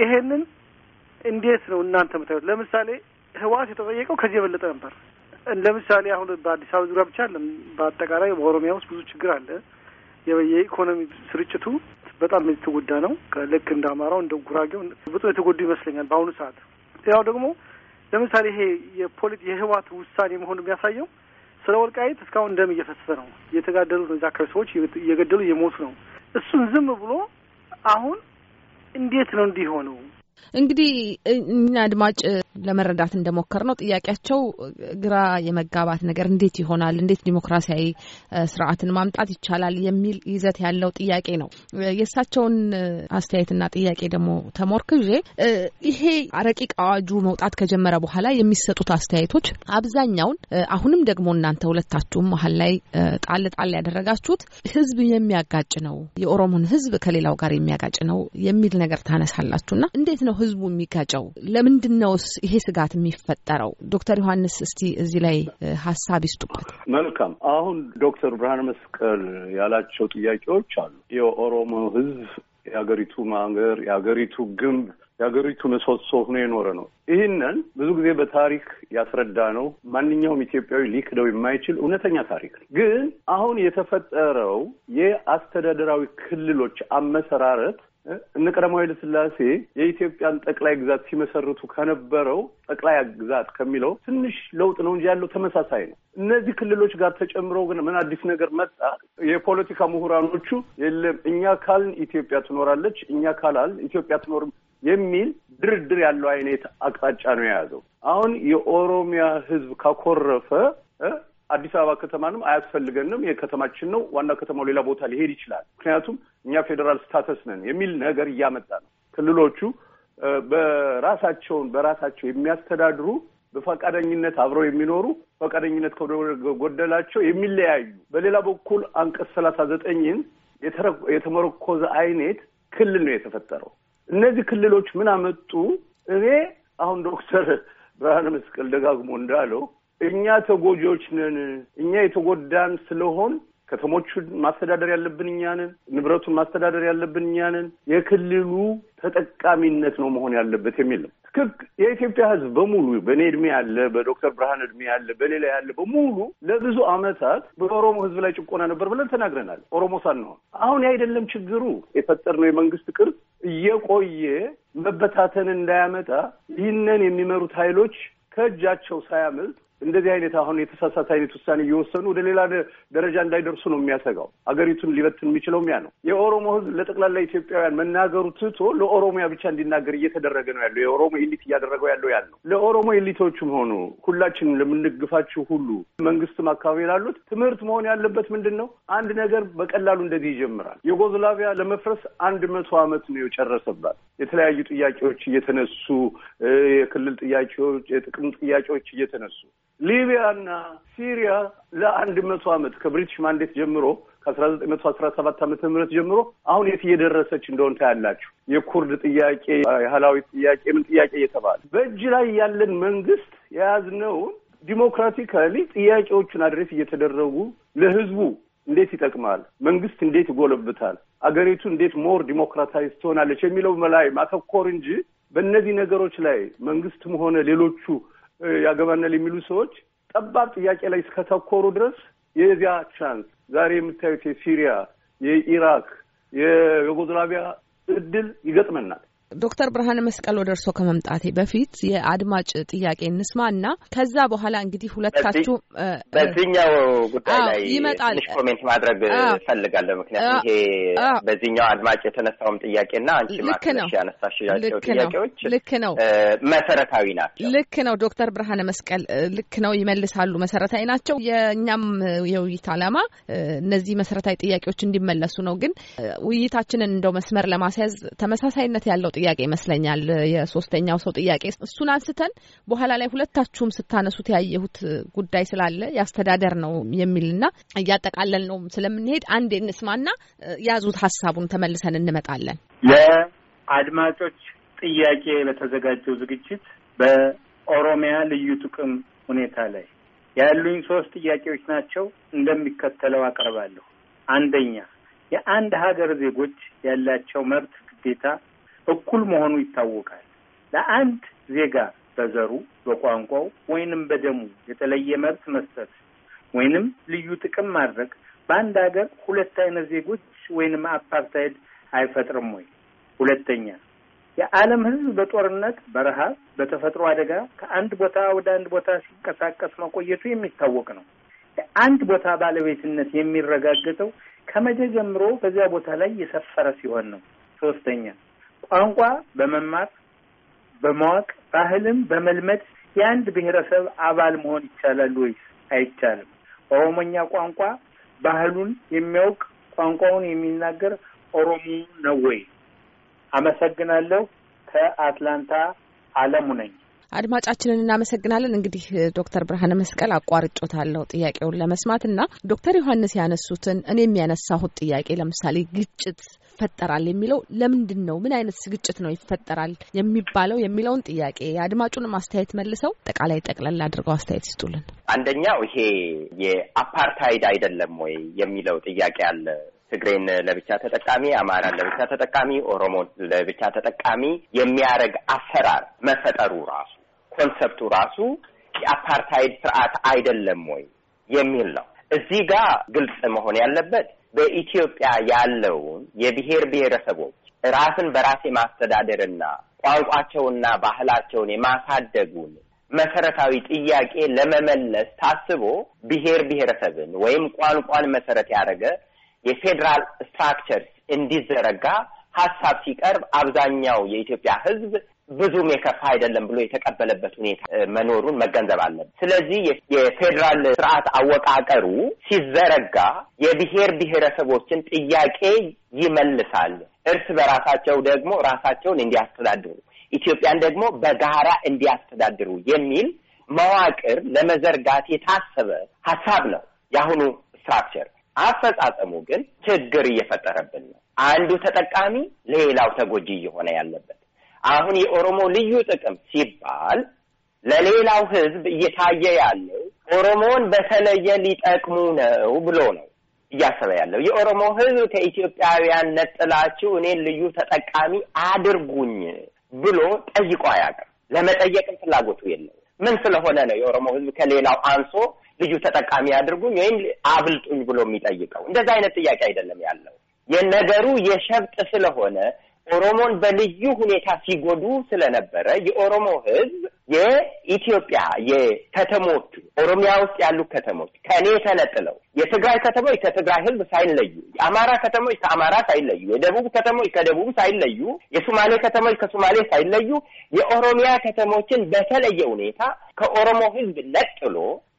ይሄንን እንዴት ነው እናንተ ምታዩት? ለምሳሌ ህዋት የተጠየቀው ከዚህ የበለጠ ነበር። ለምሳሌ አሁን በአዲስ አበባ ዙሪያ ብቻ አለም፣ በአጠቃላይ በኦሮሚያ ውስጥ ብዙ ችግር አለ። የኢኮኖሚ ስርጭቱ በጣም የተጎዳ ነው። ልክ እንደ አማራው እንደ ጉራጌው ብጡ የተጎዱ ይመስለኛል በአሁኑ ሰዓት። ያው ደግሞ ለምሳሌ ይሄ የፖሊት የህወሓት ውሳኔ መሆኑ የሚያሳየው ስለ ወልቃይት እስካሁን ደም እየፈሰሰ ነው። እየተጋደሉ ነው። እዛ አካባቢ ሰዎች እየገደሉ እየሞቱ ነው። እሱን ዝም ብሎ አሁን እንዴት ነው እንዲህ ሆነው
እንግዲህ እኛ አድማጭ ለመረዳት እንደሞከር ነው ጥያቄያቸው ግራ የመጋባት ነገር እንዴት ይሆናል፣ እንዴት ዲሞክራሲያዊ ስርዓትን ማምጣት ይቻላል የሚል ይዘት ያለው ጥያቄ ነው። የእሳቸውን አስተያየትና ጥያቄ ደግሞ ተሞርክዤ ይሄ ረቂቅ አዋጁ መውጣት ከጀመረ በኋላ የሚሰጡት አስተያየቶች አብዛኛውን አሁንም ደግሞ እናንተ ሁለታችሁም መሀል ላይ ጣል ጣል ያደረጋችሁት ህዝብ የሚያጋጭ ነው፣ የኦሮሞን ህዝብ ከሌላው ጋር የሚያጋጭ ነው የሚል ነገር ታነሳላችሁና እንዴት ነው ህዝቡ የሚከጨው? ለምንድን ነውስ ይሄ ስጋት የሚፈጠረው? ዶክተር ዮሐንስ እስቲ እዚህ ላይ ሀሳብ ይስጡበት።
መልካም። አሁን ዶክተር ብርሃነ መስቀል ያላቸው ጥያቄዎች አሉ። የኦሮሞ ህዝብ የሀገሪቱ ማገር፣ የሀገሪቱ ግንብ፣ የሀገሪቱ ምሰሶ ሆኖ የኖረ ነው። ይህንን ብዙ ጊዜ በታሪክ ያስረዳ ነው። ማንኛውም ኢትዮጵያዊ ሊክደው የማይችል እውነተኛ ታሪክ ነው። ግን አሁን የተፈጠረው የአስተዳደራዊ ክልሎች አመሰራረት እነ ቀዳማዊ ኃይለ ሥላሴ የኢትዮጵያን ጠቅላይ ግዛት ሲመሰርቱ ከነበረው ጠቅላይ ግዛት ከሚለው ትንሽ ለውጥ ነው እንጂ ያለው ተመሳሳይ ነው። እነዚህ ክልሎች ጋር ተጨምሮ ግን ምን አዲስ ነገር መጣ? የፖለቲካ ምሁራኖቹ የለም እኛ ካልን ኢትዮጵያ ትኖራለች፣ እኛ ካላልን ኢትዮጵያ ትኖርም የሚል ድርድር ያለው አይነት አቅጣጫ ነው የያዘው። አሁን የኦሮሚያ ህዝብ ካኮረፈ አዲስ አበባ ከተማንም አያስፈልገንም፣ የከተማችን ነው፣ ዋና ከተማው ሌላ ቦታ ሊሄድ ይችላል፣ ምክንያቱም እኛ ፌዴራል ስታተስ ነን የሚል ነገር እያመጣ ነው። ክልሎቹ በራሳቸውን በራሳቸው የሚያስተዳድሩ በፈቃደኝነት አብረው የሚኖሩ ፈቃደኝነት ከጎደላቸው የሚለያዩ በሌላ በኩል አንቀጽ ሰላሳ ዘጠኝን የተመረኮዘ አይነት ክልል ነው የተፈጠረው። እነዚህ ክልሎች ምን አመጡ? እኔ አሁን ዶክተር ብርሃነ መስቀል ደጋግሞ እንዳለው እኛ ተጎጂዎች ነን። እኛ የተጎዳን ስለሆን ከተሞቹን ማስተዳደር ያለብን እኛንን፣ ንብረቱን ማስተዳደር ያለብን እኛንን የክልሉ ተጠቃሚነት ነው መሆን ያለበት የሚል ነው። ትክክ የኢትዮጵያ ሕዝብ በሙሉ በእኔ እድሜ ያለ፣ በዶክተር ብርሃን እድሜ ያለ፣ በሌላ ያለ በሙሉ ለብዙ ዓመታት በኦሮሞ ሕዝብ ላይ ጭቆና ነበር ብለን ተናግረናል። ኦሮሞ ሳንሆን አሁን አይደለም ችግሩ የፈጠርነው የመንግስት ቅርጽ እየቆየ መበታተን እንዳያመጣ ይህንን የሚመሩት ኃይሎች ከእጃቸው ሳያመልጥ እንደዚህ አይነት አሁን የተሳሳተ አይነት ውሳኔ እየወሰኑ ወደ ሌላ ደረጃ እንዳይደርሱ ነው የሚያሰጋው። አገሪቱን ሊበትን የሚችለው ያ ነው። የኦሮሞ ህዝብ ለጠቅላላ ኢትዮጵያውያን መናገሩ ትቶ ለኦሮሚያ ብቻ እንዲናገር እየተደረገ ነው ያለው። የኦሮሞ ኤሊት እያደረገው ያለው ያ ነው። ለኦሮሞ ኤሊቶችም ሆኑ ሁላችንም ለምንግፋችሁ ሁሉ መንግስትም አካባቢ ላሉት ትምህርት መሆን ያለበት ምንድን ነው? አንድ ነገር በቀላሉ እንደዚህ ይጀምራል። የጎዝላቪያ ለመፍረስ አንድ መቶ ዓመት ነው የጨረሰባት። የተለያዩ ጥያቄዎች እየተነሱ የክልል ጥያቄዎች፣ የጥቅም ጥያቄዎች እየተነሱ ሊቢያና ሲሪያ ለአንድ መቶ ዓመት ከብሪቲሽ ማንዴት ጀምሮ ከአስራ ዘጠኝ መቶ አስራ ሰባት ዓመተ ምህረት ጀምሮ አሁን የት እየደረሰች እንደሆን ታያላችሁ። የኩርድ ጥያቄ፣ የህላዊ ጥያቄ፣ ምን ጥያቄ እየተባለ በእጅ ላይ ያለን መንግስት የያዝነውን ዲሞክራቲካሊ ጥያቄዎቹን አድሬስ እየተደረጉ ለህዝቡ እንዴት ይጠቅማል፣ መንግስት እንዴት ይጎለብታል፣ አገሪቱ እንዴት ሞር ዲሞክራታይዝ ትሆናለች የሚለው መላይ ማተኮር እንጂ በእነዚህ ነገሮች ላይ መንግስትም ሆነ ሌሎቹ ያገባናል የሚሉ ሰዎች ጠባብ ጥያቄ ላይ እስከተኮሩ ድረስ የዚያ ቻንስ ዛሬ የምታዩት የሲሪያ፣ የኢራክ፣ የዩጎዝላቪያ እድል ይገጥመናል።
ዶክተር ብርሃነ መስቀል ወደ እርስዎ ከመምጣቴ በፊት የአድማጭ ጥያቄ እንስማ እና ከዛ በኋላ እንግዲህ ሁለታችሁ በዚህኛው
ጉዳይ ላይ ይመጣል። ትንሽ ኮሜንት ማድረግ እፈልጋለሁ። ምክንያቱም ይሄ በዚህኛው አድማጭ የተነሳውም ጥያቄና አንቺ ማክለሽ ያነሳሽ ጥያቄዎች ልክ ነው፣ መሰረታዊ ናቸው።
ልክ ነው ዶክተር ብርሃነ መስቀል ልክ ነው ይመልሳሉ፣ መሰረታዊ ናቸው። የእኛም የውይይት አላማ እነዚህ መሰረታዊ ጥያቄዎች እንዲመለሱ ነው። ግን ውይይታችንን እንደው መስመር ለማስያዝ ተመሳሳይነት ያለው ጥያቄ ይመስለኛል የሶስተኛው ሰው ጥያቄ። እሱን አንስተን በኋላ ላይ ሁለታችሁም ስታነሱት ያየሁት ጉዳይ ስላለ ያስተዳደር ነው የሚልና እያጠቃለል ነው ስለምንሄድ አንድ እንስማና ያዙት ሀሳቡን ተመልሰን እንመጣለን።
ለአድማጮች ጥያቄ በተዘጋጀው ዝግጅት በኦሮሚያ ልዩ ጥቅም ሁኔታ ላይ ያሉኝ ሶስት ጥያቄዎች ናቸው። እንደሚከተለው አቀርባለሁ። አንደኛ የአንድ ሀገር ዜጎች ያላቸው መብት፣ ግዴታ እኩል መሆኑ ይታወቃል። ለአንድ ዜጋ በዘሩ፣ በቋንቋው ወይንም በደሙ የተለየ መብት መስጠት ወይንም ልዩ ጥቅም ማድረግ በአንድ ሀገር ሁለት አይነት ዜጎች ወይንም አፓርታይድ አይፈጥርም ወይ? ሁለተኛ የዓለም ሕዝብ በጦርነት በረሃብ፣ በተፈጥሮ አደጋ ከአንድ ቦታ ወደ አንድ ቦታ ሲንቀሳቀስ መቆየቱ የሚታወቅ ነው። የአንድ ቦታ ባለቤትነት የሚረጋገጠው ከመቼ ጀምሮ በዚያ ቦታ ላይ የሰፈረ ሲሆን ነው። ሶስተኛ ቋንቋ በመማር በማወቅ ባህልም በመልመድ የአንድ ብሔረሰብ አባል መሆን ይቻላል ወይስ አይቻልም? ኦሮሞኛ ቋንቋ ባህሉን የሚያውቅ ቋንቋውን የሚናገር ኦሮሞ ነው ወይ? አመሰግናለሁ። ከአትላንታ አለሙ ነኝ።
አድማጫችንን እናመሰግናለን። እንግዲህ ዶክተር ብርሃነ መስቀል አቋርጮታለሁ ጥያቄውን ለመስማት እና ዶክተር ዮሐንስ ያነሱትን እኔ የሚያነሳሁት ጥያቄ ለምሳሌ ግጭት ይፈጠራል የሚለው ለምንድን ነው? ምን አይነት ግጭት ነው ይፈጠራል የሚባለው የሚለውን ጥያቄ የአድማጩን አስተያየት መልሰው ጠቃላይ ጠቅለል አድርገው አስተያየት ይስጡልን።
አንደኛው ይሄ
የአፓርታይድ
አይደለም ወይ የሚለው ጥያቄ አለ። ትግሬን ለብቻ ተጠቃሚ፣ አማራን ለብቻ ተጠቃሚ፣ ኦሮሞን ለብቻ ተጠቃሚ የሚያደርግ አሰራር መፈጠሩ ራሱ ኮንሰፕቱ ራሱ የአፓርታይድ ስርዓት አይደለም ወይ የሚል ነው። እዚህ ጋር ግልጽ መሆን ያለበት በኢትዮጵያ ያለውን የብሔር ብሔረሰቦች ራስን በራስ የማስተዳደርና ቋንቋቸውና ባህላቸውን የማሳደጉን መሰረታዊ ጥያቄ ለመመለስ ታስቦ ብሔር ብሔረሰብን ወይም ቋንቋን መሰረት ያደረገ የፌዴራል ስትራክቸርስ እንዲዘረጋ ሀሳብ ሲቀርብ አብዛኛው የኢትዮጵያ ሕዝብ ብዙም የከፋ አይደለም ብሎ የተቀበለበት ሁኔታ መኖሩን መገንዘብ አለብን። ስለዚህ የፌዴራል ስርዓት አወቃቀሩ ሲዘረጋ የብሔር ብሔረሰቦችን ጥያቄ ይመልሳል፣ እርስ በራሳቸው ደግሞ ራሳቸውን እንዲያስተዳድሩ ኢትዮጵያን ደግሞ በጋራ እንዲያስተዳድሩ የሚል መዋቅር ለመዘርጋት የታሰበ ሀሳብ ነው የአሁኑ ስትራክቸር። አፈጻጸሙ ግን ችግር እየፈጠረብን ነው። አንዱ ተጠቃሚ ሌላው ተጎጂ እየሆነ ያለበት አሁን የኦሮሞ ልዩ ጥቅም ሲባል ለሌላው ህዝብ እየታየ ያለው ኦሮሞን በተለየ ሊጠቅሙ ነው ብሎ ነው እያሰበ ያለው። የኦሮሞ ህዝብ ከኢትዮጵያውያን ነጥላችሁ እኔን ልዩ ተጠቃሚ አድርጉኝ ብሎ ጠይቆ አያውቅም። ለመጠየቅም ፍላጎቱ የለው። ምን ስለሆነ ነው የኦሮሞ ህዝብ ከሌላው አንሶ ልዩ ተጠቃሚ አድርጉኝ ወይም አብልጡኝ ብሎ የሚጠይቀው? እንደዛ አይነት ጥያቄ አይደለም ያለው። የነገሩ የሸብጥ ስለሆነ ኦሮሞን በልዩ ሁኔታ ሲጎዱ ስለነበረ የኦሮሞ ህዝብ የኢትዮጵያ የከተሞቹ ኦሮሚያ ውስጥ ያሉ ከተሞች ከእኔ ተነጥለው የትግራይ ከተሞች ከትግራይ ህዝብ ሳይለዩ፣ የአማራ ከተሞች ከአማራ ሳይለዩ፣ የደቡብ ከተሞች ከደቡብ ሳይለዩ፣ የሱማሌ ከተሞች ከሱማሌ ሳይለዩ የኦሮሚያ ከተሞችን በተለየ ሁኔታ ከኦሮሞ ህዝብ ነጥሎ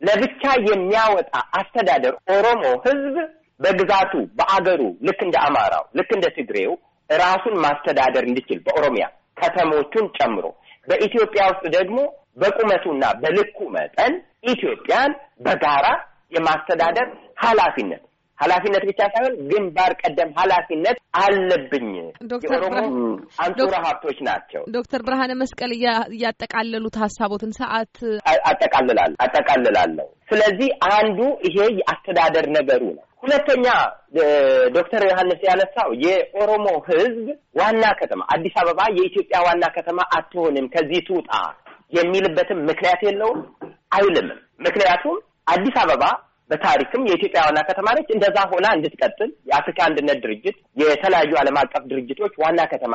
ለብቻ የሚያወጣ አስተዳደር ኦሮሞ ህዝብ በግዛቱ በአገሩ ልክ እንደ አማራው ልክ እንደ ትግሬው ራሱን ማስተዳደር እንዲችል በኦሮሚያ ከተሞቹን ጨምሮ በኢትዮጵያ ውስጥ ደግሞ በቁመቱና በልኩ መጠን ኢትዮጵያን በጋራ የማስተዳደር ኃላፊነት ኃላፊነት ብቻ ሳይሆን ግንባር ቀደም ኃላፊነት አለብኝ።
የኦሮሞ አንጡራ
ሀብቶች ናቸው።
ዶክተር ብርሃነ መስቀል እያጠቃለሉት ሀሳቦትን ሰዓት አጠቃልላለሁ አጠቃልላለሁ።
ስለዚህ አንዱ ይሄ የአስተዳደር ነገሩ ነው። ሁለተኛ ዶክተር ዮሐንስ ያነሳው የኦሮሞ ህዝብ ዋና ከተማ አዲስ አበባ የኢትዮጵያ ዋና ከተማ አትሆንም ከዚህ ትውጣ የሚልበትም ምክንያት የለውም አይልምም። ምክንያቱም አዲስ አበባ በታሪክም የኢትዮጵያ ዋና ከተማ ነች። እንደዛ ሆና እንድትቀጥል የአፍሪካ አንድነት ድርጅት፣ የተለያዩ ዓለም አቀፍ ድርጅቶች ዋና ከተማ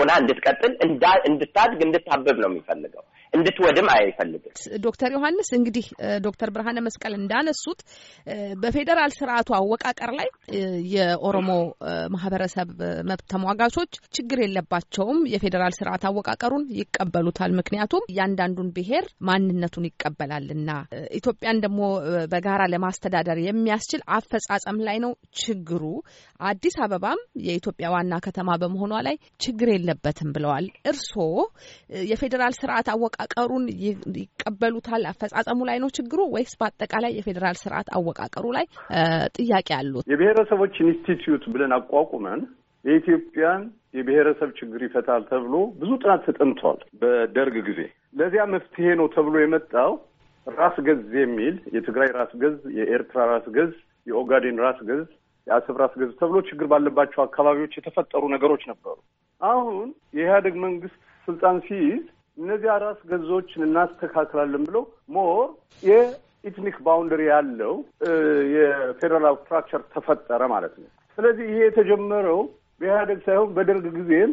ሆና እንድትቀጥል፣ እንድታድግ፣ እንድታብብ ነው የሚፈልገው እንድትወድም አይፈልግም።
ዶክተር ዮሐንስ እንግዲህ ዶክተር ብርሃነ መስቀል እንዳነሱት በፌዴራል ስርዓቱ አወቃቀር ላይ የኦሮሞ ማህበረሰብ መብት ተሟጋቾች ችግር የለባቸውም። የፌዴራል ስርዓት አወቃቀሩን ይቀበሉታል። ምክንያቱም እያንዳንዱን ብሄር ማንነቱን ይቀበላልና ኢትዮጵያን ደግሞ በጋራ ለማ ለማስተዳደር የሚያስችል አፈጻጸም ላይ ነው ችግሩ። አዲስ አበባም የኢትዮጵያ ዋና ከተማ በመሆኗ ላይ ችግር የለበትም ብለዋል። እርስዎ የፌዴራል ስርዓት አወቃቀሩን ይቀበሉታል? አፈጻጸሙ ላይ ነው ችግሩ ወይስ በአጠቃላይ የፌዴራል ስርዓት አወቃቀሩ ላይ ጥያቄ አሉት?
የብሔረሰቦች ኢንስቲትዩት ብለን አቋቁመን የኢትዮጵያን የብሔረሰብ ችግር ይፈታል ተብሎ ብዙ ጥናት ተጠምቷል። በደርግ ጊዜ ለዚያ መፍትሄ ነው ተብሎ የመጣው ራስ ገዝ የሚል የትግራይ ራስ ገዝ፣ የኤርትራ ራስ ገዝ፣ የኦጋዴን ራስ ገዝ፣ የአሰብ ራስ ገዝ ተብሎ ችግር ባለባቸው አካባቢዎች የተፈጠሩ ነገሮች ነበሩ። አሁን የኢህአደግ መንግስት ስልጣን ሲይዝ እነዚያ ራስ ገዞችን እናስተካክላለን ብለው ሞር የኢትኒክ ባውንደሪ ያለው የፌዴራል ስትራክቸር ተፈጠረ ማለት ነው። ስለዚህ ይሄ የተጀመረው በኢህአደግ ሳይሆን በደርግ ጊዜም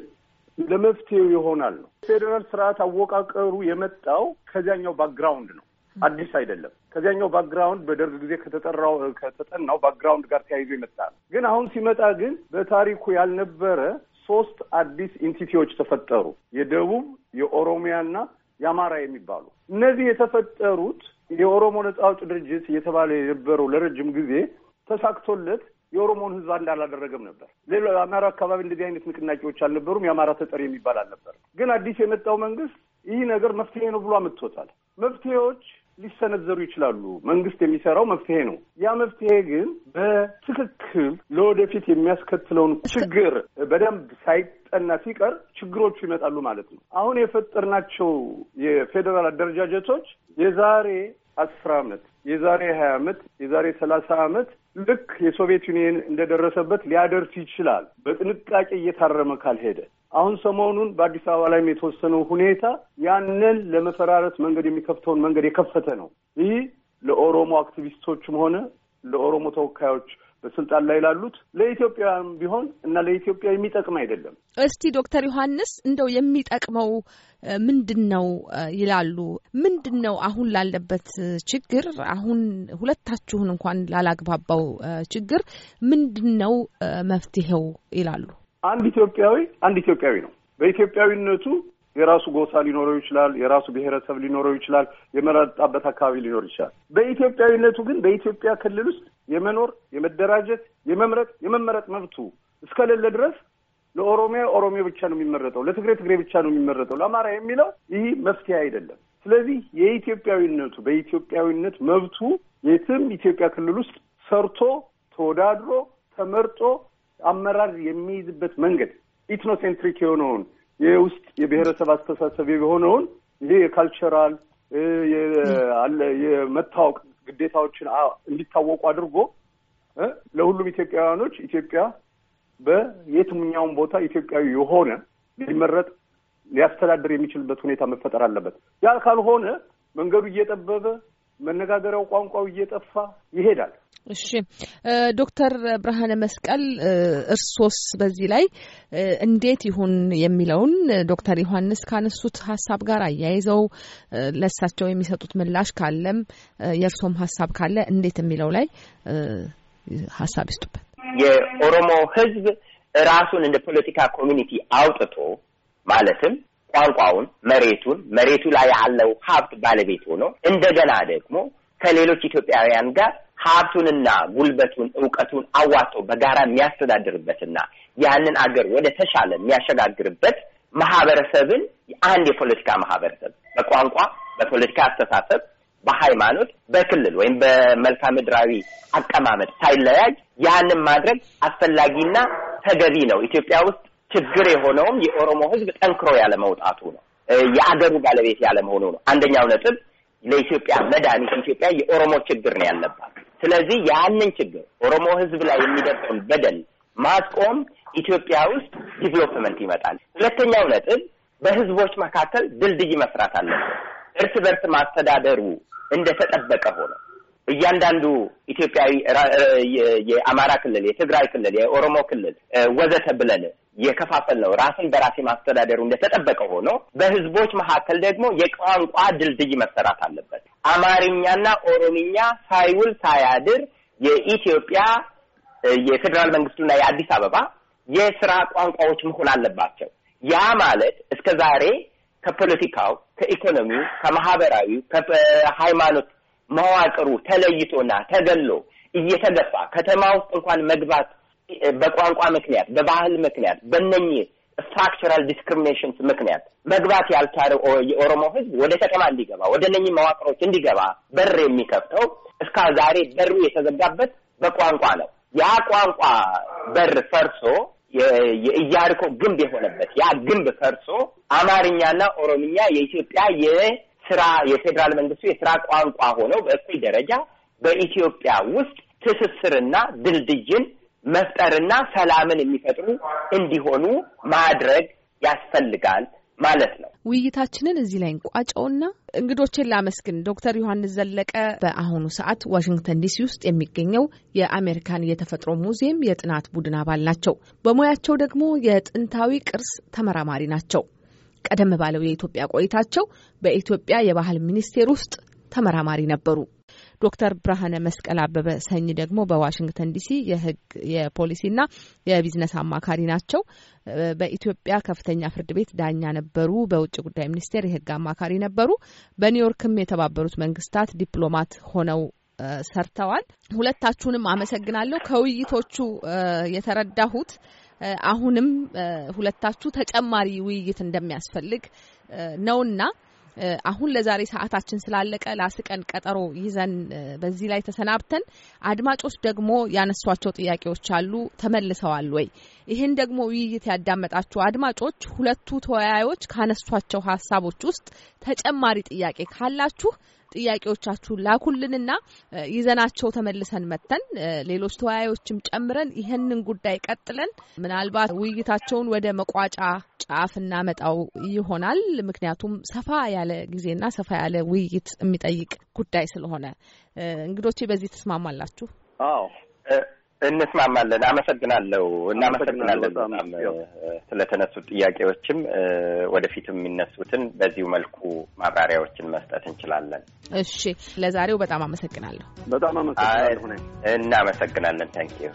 ለመፍትሄው ይሆናል ነው። ፌዴራል ስርዓት አወቃቀሩ የመጣው ከዚያኛው ባክግራውንድ ነው። አዲስ አይደለም። ከዚያኛው ባክግራውንድ በደርግ ጊዜ ከተጠራው ከተጠናው ባክግራውንድ ጋር ተያይዞ ይመጣል ግን አሁን ሲመጣ ግን በታሪኩ ያልነበረ ሶስት አዲስ ኢንቲቲዎች ተፈጠሩ። የደቡብ የኦሮሚያና የአማራ የሚባሉ እነዚህ የተፈጠሩት የኦሮሞ ነጻ አውጪ ድርጅት እየተባለ የነበረው ለረጅም ጊዜ ተሳክቶለት የኦሮሞን ህዝብ አንድ አላደረገም ነበር። ሌላ የአማራ አካባቢ እንደዚህ አይነት ንቅናቄዎች አልነበሩም። የአማራ ተጠሪ የሚባል አልነበር። ግን አዲስ የመጣው መንግስት ይህ ነገር መፍትሄ ነው ብሎ አምጥቶታል። መፍትሄዎች ሊሰነዘሩ ይችላሉ። መንግስት የሚሰራው መፍትሄ ነው። ያ መፍትሄ ግን በትክክል ለወደፊት የሚያስከትለውን ችግር በደንብ ሳይጠና ሲቀር ችግሮቹ ይመጣሉ ማለት ነው። አሁን የፈጠርናቸው የፌዴራል አደረጃጀቶች የዛሬ አስር ዓመት የዛሬ ሀያ አመት የዛሬ ሰላሳ ዓመት ልክ የሶቪየት ዩኒየን እንደደረሰበት ሊያደርስ ይችላል። በጥንቃቄ እየታረመ ካልሄደ አሁን ሰሞኑን በአዲስ አበባ ላይም የተወሰነው ሁኔታ ያንን ለመፈራረስ መንገድ የሚከፍተውን መንገድ የከፈተ ነው። ይህ ለኦሮሞ አክቲቪስቶችም ሆነ ለኦሮሞ ተወካዮች በስልጣን ላይ ላሉት ለኢትዮጵያም ቢሆን እና ለኢትዮጵያ የሚጠቅም አይደለም።
እስቲ ዶክተር ዮሐንስ እንደው የሚጠቅመው ምንድን ነው ይላሉ? ምንድን ነው አሁን ላለበት ችግር አሁን ሁለታችሁን እንኳን ላላግባባው ችግር ምንድን ነው መፍትሄው ይላሉ?
አንድ ኢትዮጵያዊ አንድ ኢትዮጵያዊ ነው። በኢትዮጵያዊነቱ የራሱ ጎሳ ሊኖረው ይችላል። የራሱ ብሔረሰብ ሊኖረው ይችላል። የመረጣበት አካባቢ ሊኖር ይችላል። በኢትዮጵያዊነቱ ግን በኢትዮጵያ ክልል ውስጥ የመኖር የመደራጀት፣ የመምረጥ፣ የመመረጥ መብቱ እስከሌለ ድረስ ለኦሮሚያ ኦሮሚያ ብቻ ነው የሚመረጠው፣ ለትግሬ ትግሬ ብቻ ነው የሚመረጠው፣ ለአማራ የሚለው ይህ መፍትሄ አይደለም። ስለዚህ የኢትዮጵያዊነቱ በኢትዮጵያዊነት መብቱ የትም ኢትዮጵያ ክልል ውስጥ ሰርቶ ተወዳድሮ ተመርጦ አመራር የሚይዝበት መንገድ ኢትኖሴንትሪክ የሆነውን የውስጥ የብሔረሰብ አስተሳሰብ የሆነውን ይሄ የካልቸራል የመታወቅ ግዴታዎችን እንዲታወቁ አድርጎ ለሁሉም ኢትዮጵያውያኖች ኢትዮጵያ በየትኛውም ቦታ ኢትዮጵያዊ የሆነ ሊመረጥ ሊያስተዳድር የሚችልበት ሁኔታ መፈጠር አለበት። ያ ካልሆነ መንገዱ እየጠበበ መነጋገሪያው ቋንቋው እየጠፋ ይሄዳል።
እሺ ዶክተር ብርሃነ መስቀል እርሶስ በዚህ ላይ እንዴት ይሁን የሚለውን ዶክተር ዮሐንስ ካነሱት ሀሳብ ጋር አያይዘው ለሳቸው የሚሰጡት ምላሽ ካለም የእርሶም ሀሳብ ካለ እንዴት የሚለው ላይ ሀሳብ ይስጡበት።
የኦሮሞ ህዝብ ራሱን እንደ ፖለቲካ ኮሚኒቲ አውጥቶ ማለትም ቋንቋውን፣ መሬቱን፣ መሬቱ ላይ ያለው ሀብት ባለቤት ሆኖ እንደገና ደግሞ ከሌሎች ኢትዮጵያውያን ጋር ሀብቱንና ጉልበቱን እውቀቱን አዋጥቶ በጋራ የሚያስተዳድርበትና ያንን አገር ወደ ተሻለ የሚያሸጋግርበት ማህበረሰብን አንድ የፖለቲካ ማህበረሰብ በቋንቋ፣ በፖለቲካ አስተሳሰብ፣ በሃይማኖት፣ በክልል ወይም በመልክዓ ምድራዊ አቀማመጥ ሳይለያይ ያንን ማድረግ አስፈላጊና ተገቢ ነው። ኢትዮጵያ ውስጥ ችግር የሆነውም የኦሮሞ ህዝብ ጠንክሮ ያለ መውጣቱ ነው። የአገሩ ባለቤት ያለመሆኑ ነው። አንደኛው ነጥብ ለኢትዮጵያ መድኃኒት ኢትዮጵያ የኦሮሞ ችግር ነው ያለባት። ስለዚህ ያንን ችግር ኦሮሞ ህዝብ ላይ የሚደርሰውን በደል ማስቆም ኢትዮጵያ ውስጥ ዲቨሎፕመንት ይመጣል። ሁለተኛው ነጥብ በህዝቦች መካከል ድልድይ መስራት አለበት። እርስ በርስ ማስተዳደሩ እንደተጠበቀ ሆነ እያንዳንዱ ኢትዮጵያዊ የአማራ ክልል፣ የትግራይ ክልል፣ የኦሮሞ ክልል ወዘተ ብለን የከፋፈል ነው ራስን በራሴ ማስተዳደሩ እንደተጠበቀ ሆኖ በህዝቦች መካከል ደግሞ የቋንቋ ድልድይ መሰራት አለበት። አማርኛና ኦሮምኛ ሳይውል ሳያድር የኢትዮጵያ የፌዴራል መንግስቱና የአዲስ አበባ የስራ ቋንቋዎች መሆን አለባቸው። ያ ማለት እስከ ዛሬ ከፖለቲካው፣ ከኢኮኖሚው፣ ከማህበራዊ፣ ከሃይማኖት መዋቅሩ ተለይቶና ተገሎ እየተገፋ ከተማ ውስጥ እንኳን መግባት በቋንቋ ምክንያት፣ በባህል ምክንያት፣ በእነኚህ ስትራክቸራል ዲስክሪሚኔሽንስ ምክንያት መግባት ያልቻለ የኦሮሞ ህዝብ ወደ ከተማ እንዲገባ ወደ እነኚህ መዋቅሮች እንዲገባ በር የሚከፍተው እስከ ዛሬ በሩ የተዘጋበት በቋንቋ ነው። ያ ቋንቋ በር ፈርሶ የኢያሪኮ ግንብ የሆነበት ያ ግንብ ፈርሶ አማርኛና ኦሮምኛ የኢትዮጵያ ስራ የፌዴራል መንግስቱ የስራ ቋንቋ ሆነው በእኩል ደረጃ በኢትዮጵያ ውስጥ ትስስርና ድልድይን መፍጠርና ሰላምን የሚፈጥሩ እንዲሆኑ ማድረግ ያስፈልጋል ማለት ነው።
ውይይታችንን እዚህ ላይ እንቋጨውና እንግዶችን ላመስግን። ዶክተር ዮሐንስ ዘለቀ በአሁኑ ሰዓት ዋሽንግተን ዲሲ ውስጥ የሚገኘው የአሜሪካን የተፈጥሮ ሙዚየም የጥናት ቡድን አባል ናቸው። በሙያቸው ደግሞ የጥንታዊ ቅርስ ተመራማሪ ናቸው። ቀደም ባለው የኢትዮጵያ ቆይታቸው በኢትዮጵያ የባህል ሚኒስቴር ውስጥ ተመራማሪ ነበሩ። ዶክተር ብርሃነ መስቀል አበበ ሰኝ ደግሞ በዋሽንግተን ዲሲ የሕግ የፖሊሲና የቢዝነስ አማካሪ ናቸው። በኢትዮጵያ ከፍተኛ ፍርድ ቤት ዳኛ ነበሩ። በውጭ ጉዳይ ሚኒስቴር የህግ አማካሪ ነበሩ። በኒውዮርክም የተባበሩት መንግስታት ዲፕሎማት ሆነው ሰርተዋል። ሁለታችሁንም አመሰግናለሁ። ከውይይቶቹ የተረዳሁት አሁንም ሁለታችሁ ተጨማሪ ውይይት እንደሚያስፈልግ ነውና አሁን ለዛሬ ሰዓታችን ስላለቀ ላስቀን ቀጠሮ ይዘን በዚህ ላይ ተሰናብተን አድማጮች ደግሞ ያነሷቸው ጥያቄዎች አሉ ተመልሰዋል ወይ? ይህን ደግሞ ውይይት ያዳመጣችሁ አድማጮች ሁለቱ ተወያዮች ካነሷቸው ሀሳቦች ውስጥ ተጨማሪ ጥያቄ ካላችሁ ጥያቄዎቻችሁን ላኩልንና ይዘናቸው ተመልሰን መተን ሌሎች ተወያዮችም ጨምረን ይህንን ጉዳይ ቀጥለን ምናልባት ውይይታቸውን ወደ መቋጫ ጫፍ እናመጣው ይሆናል። ምክንያቱም ሰፋ ያለ ጊዜና ሰፋ ያለ ውይይት የሚጠይቅ ጉዳይ ስለሆነ እንግዶቼ በዚህ ተስማማላችሁ?
አዎ
እንስማማለን። አመሰግናለሁ። እናመሰግናለን በጣም ስለተነሱ ጥያቄዎችም ወደፊት የሚነሱትን በዚሁ መልኩ ማብራሪያዎችን መስጠት እንችላለን።
እሺ፣ ለዛሬው በጣም አመሰግናለሁ።
በጣም አመሰግናለሁ። እናመሰግናለን። ታንኪዩ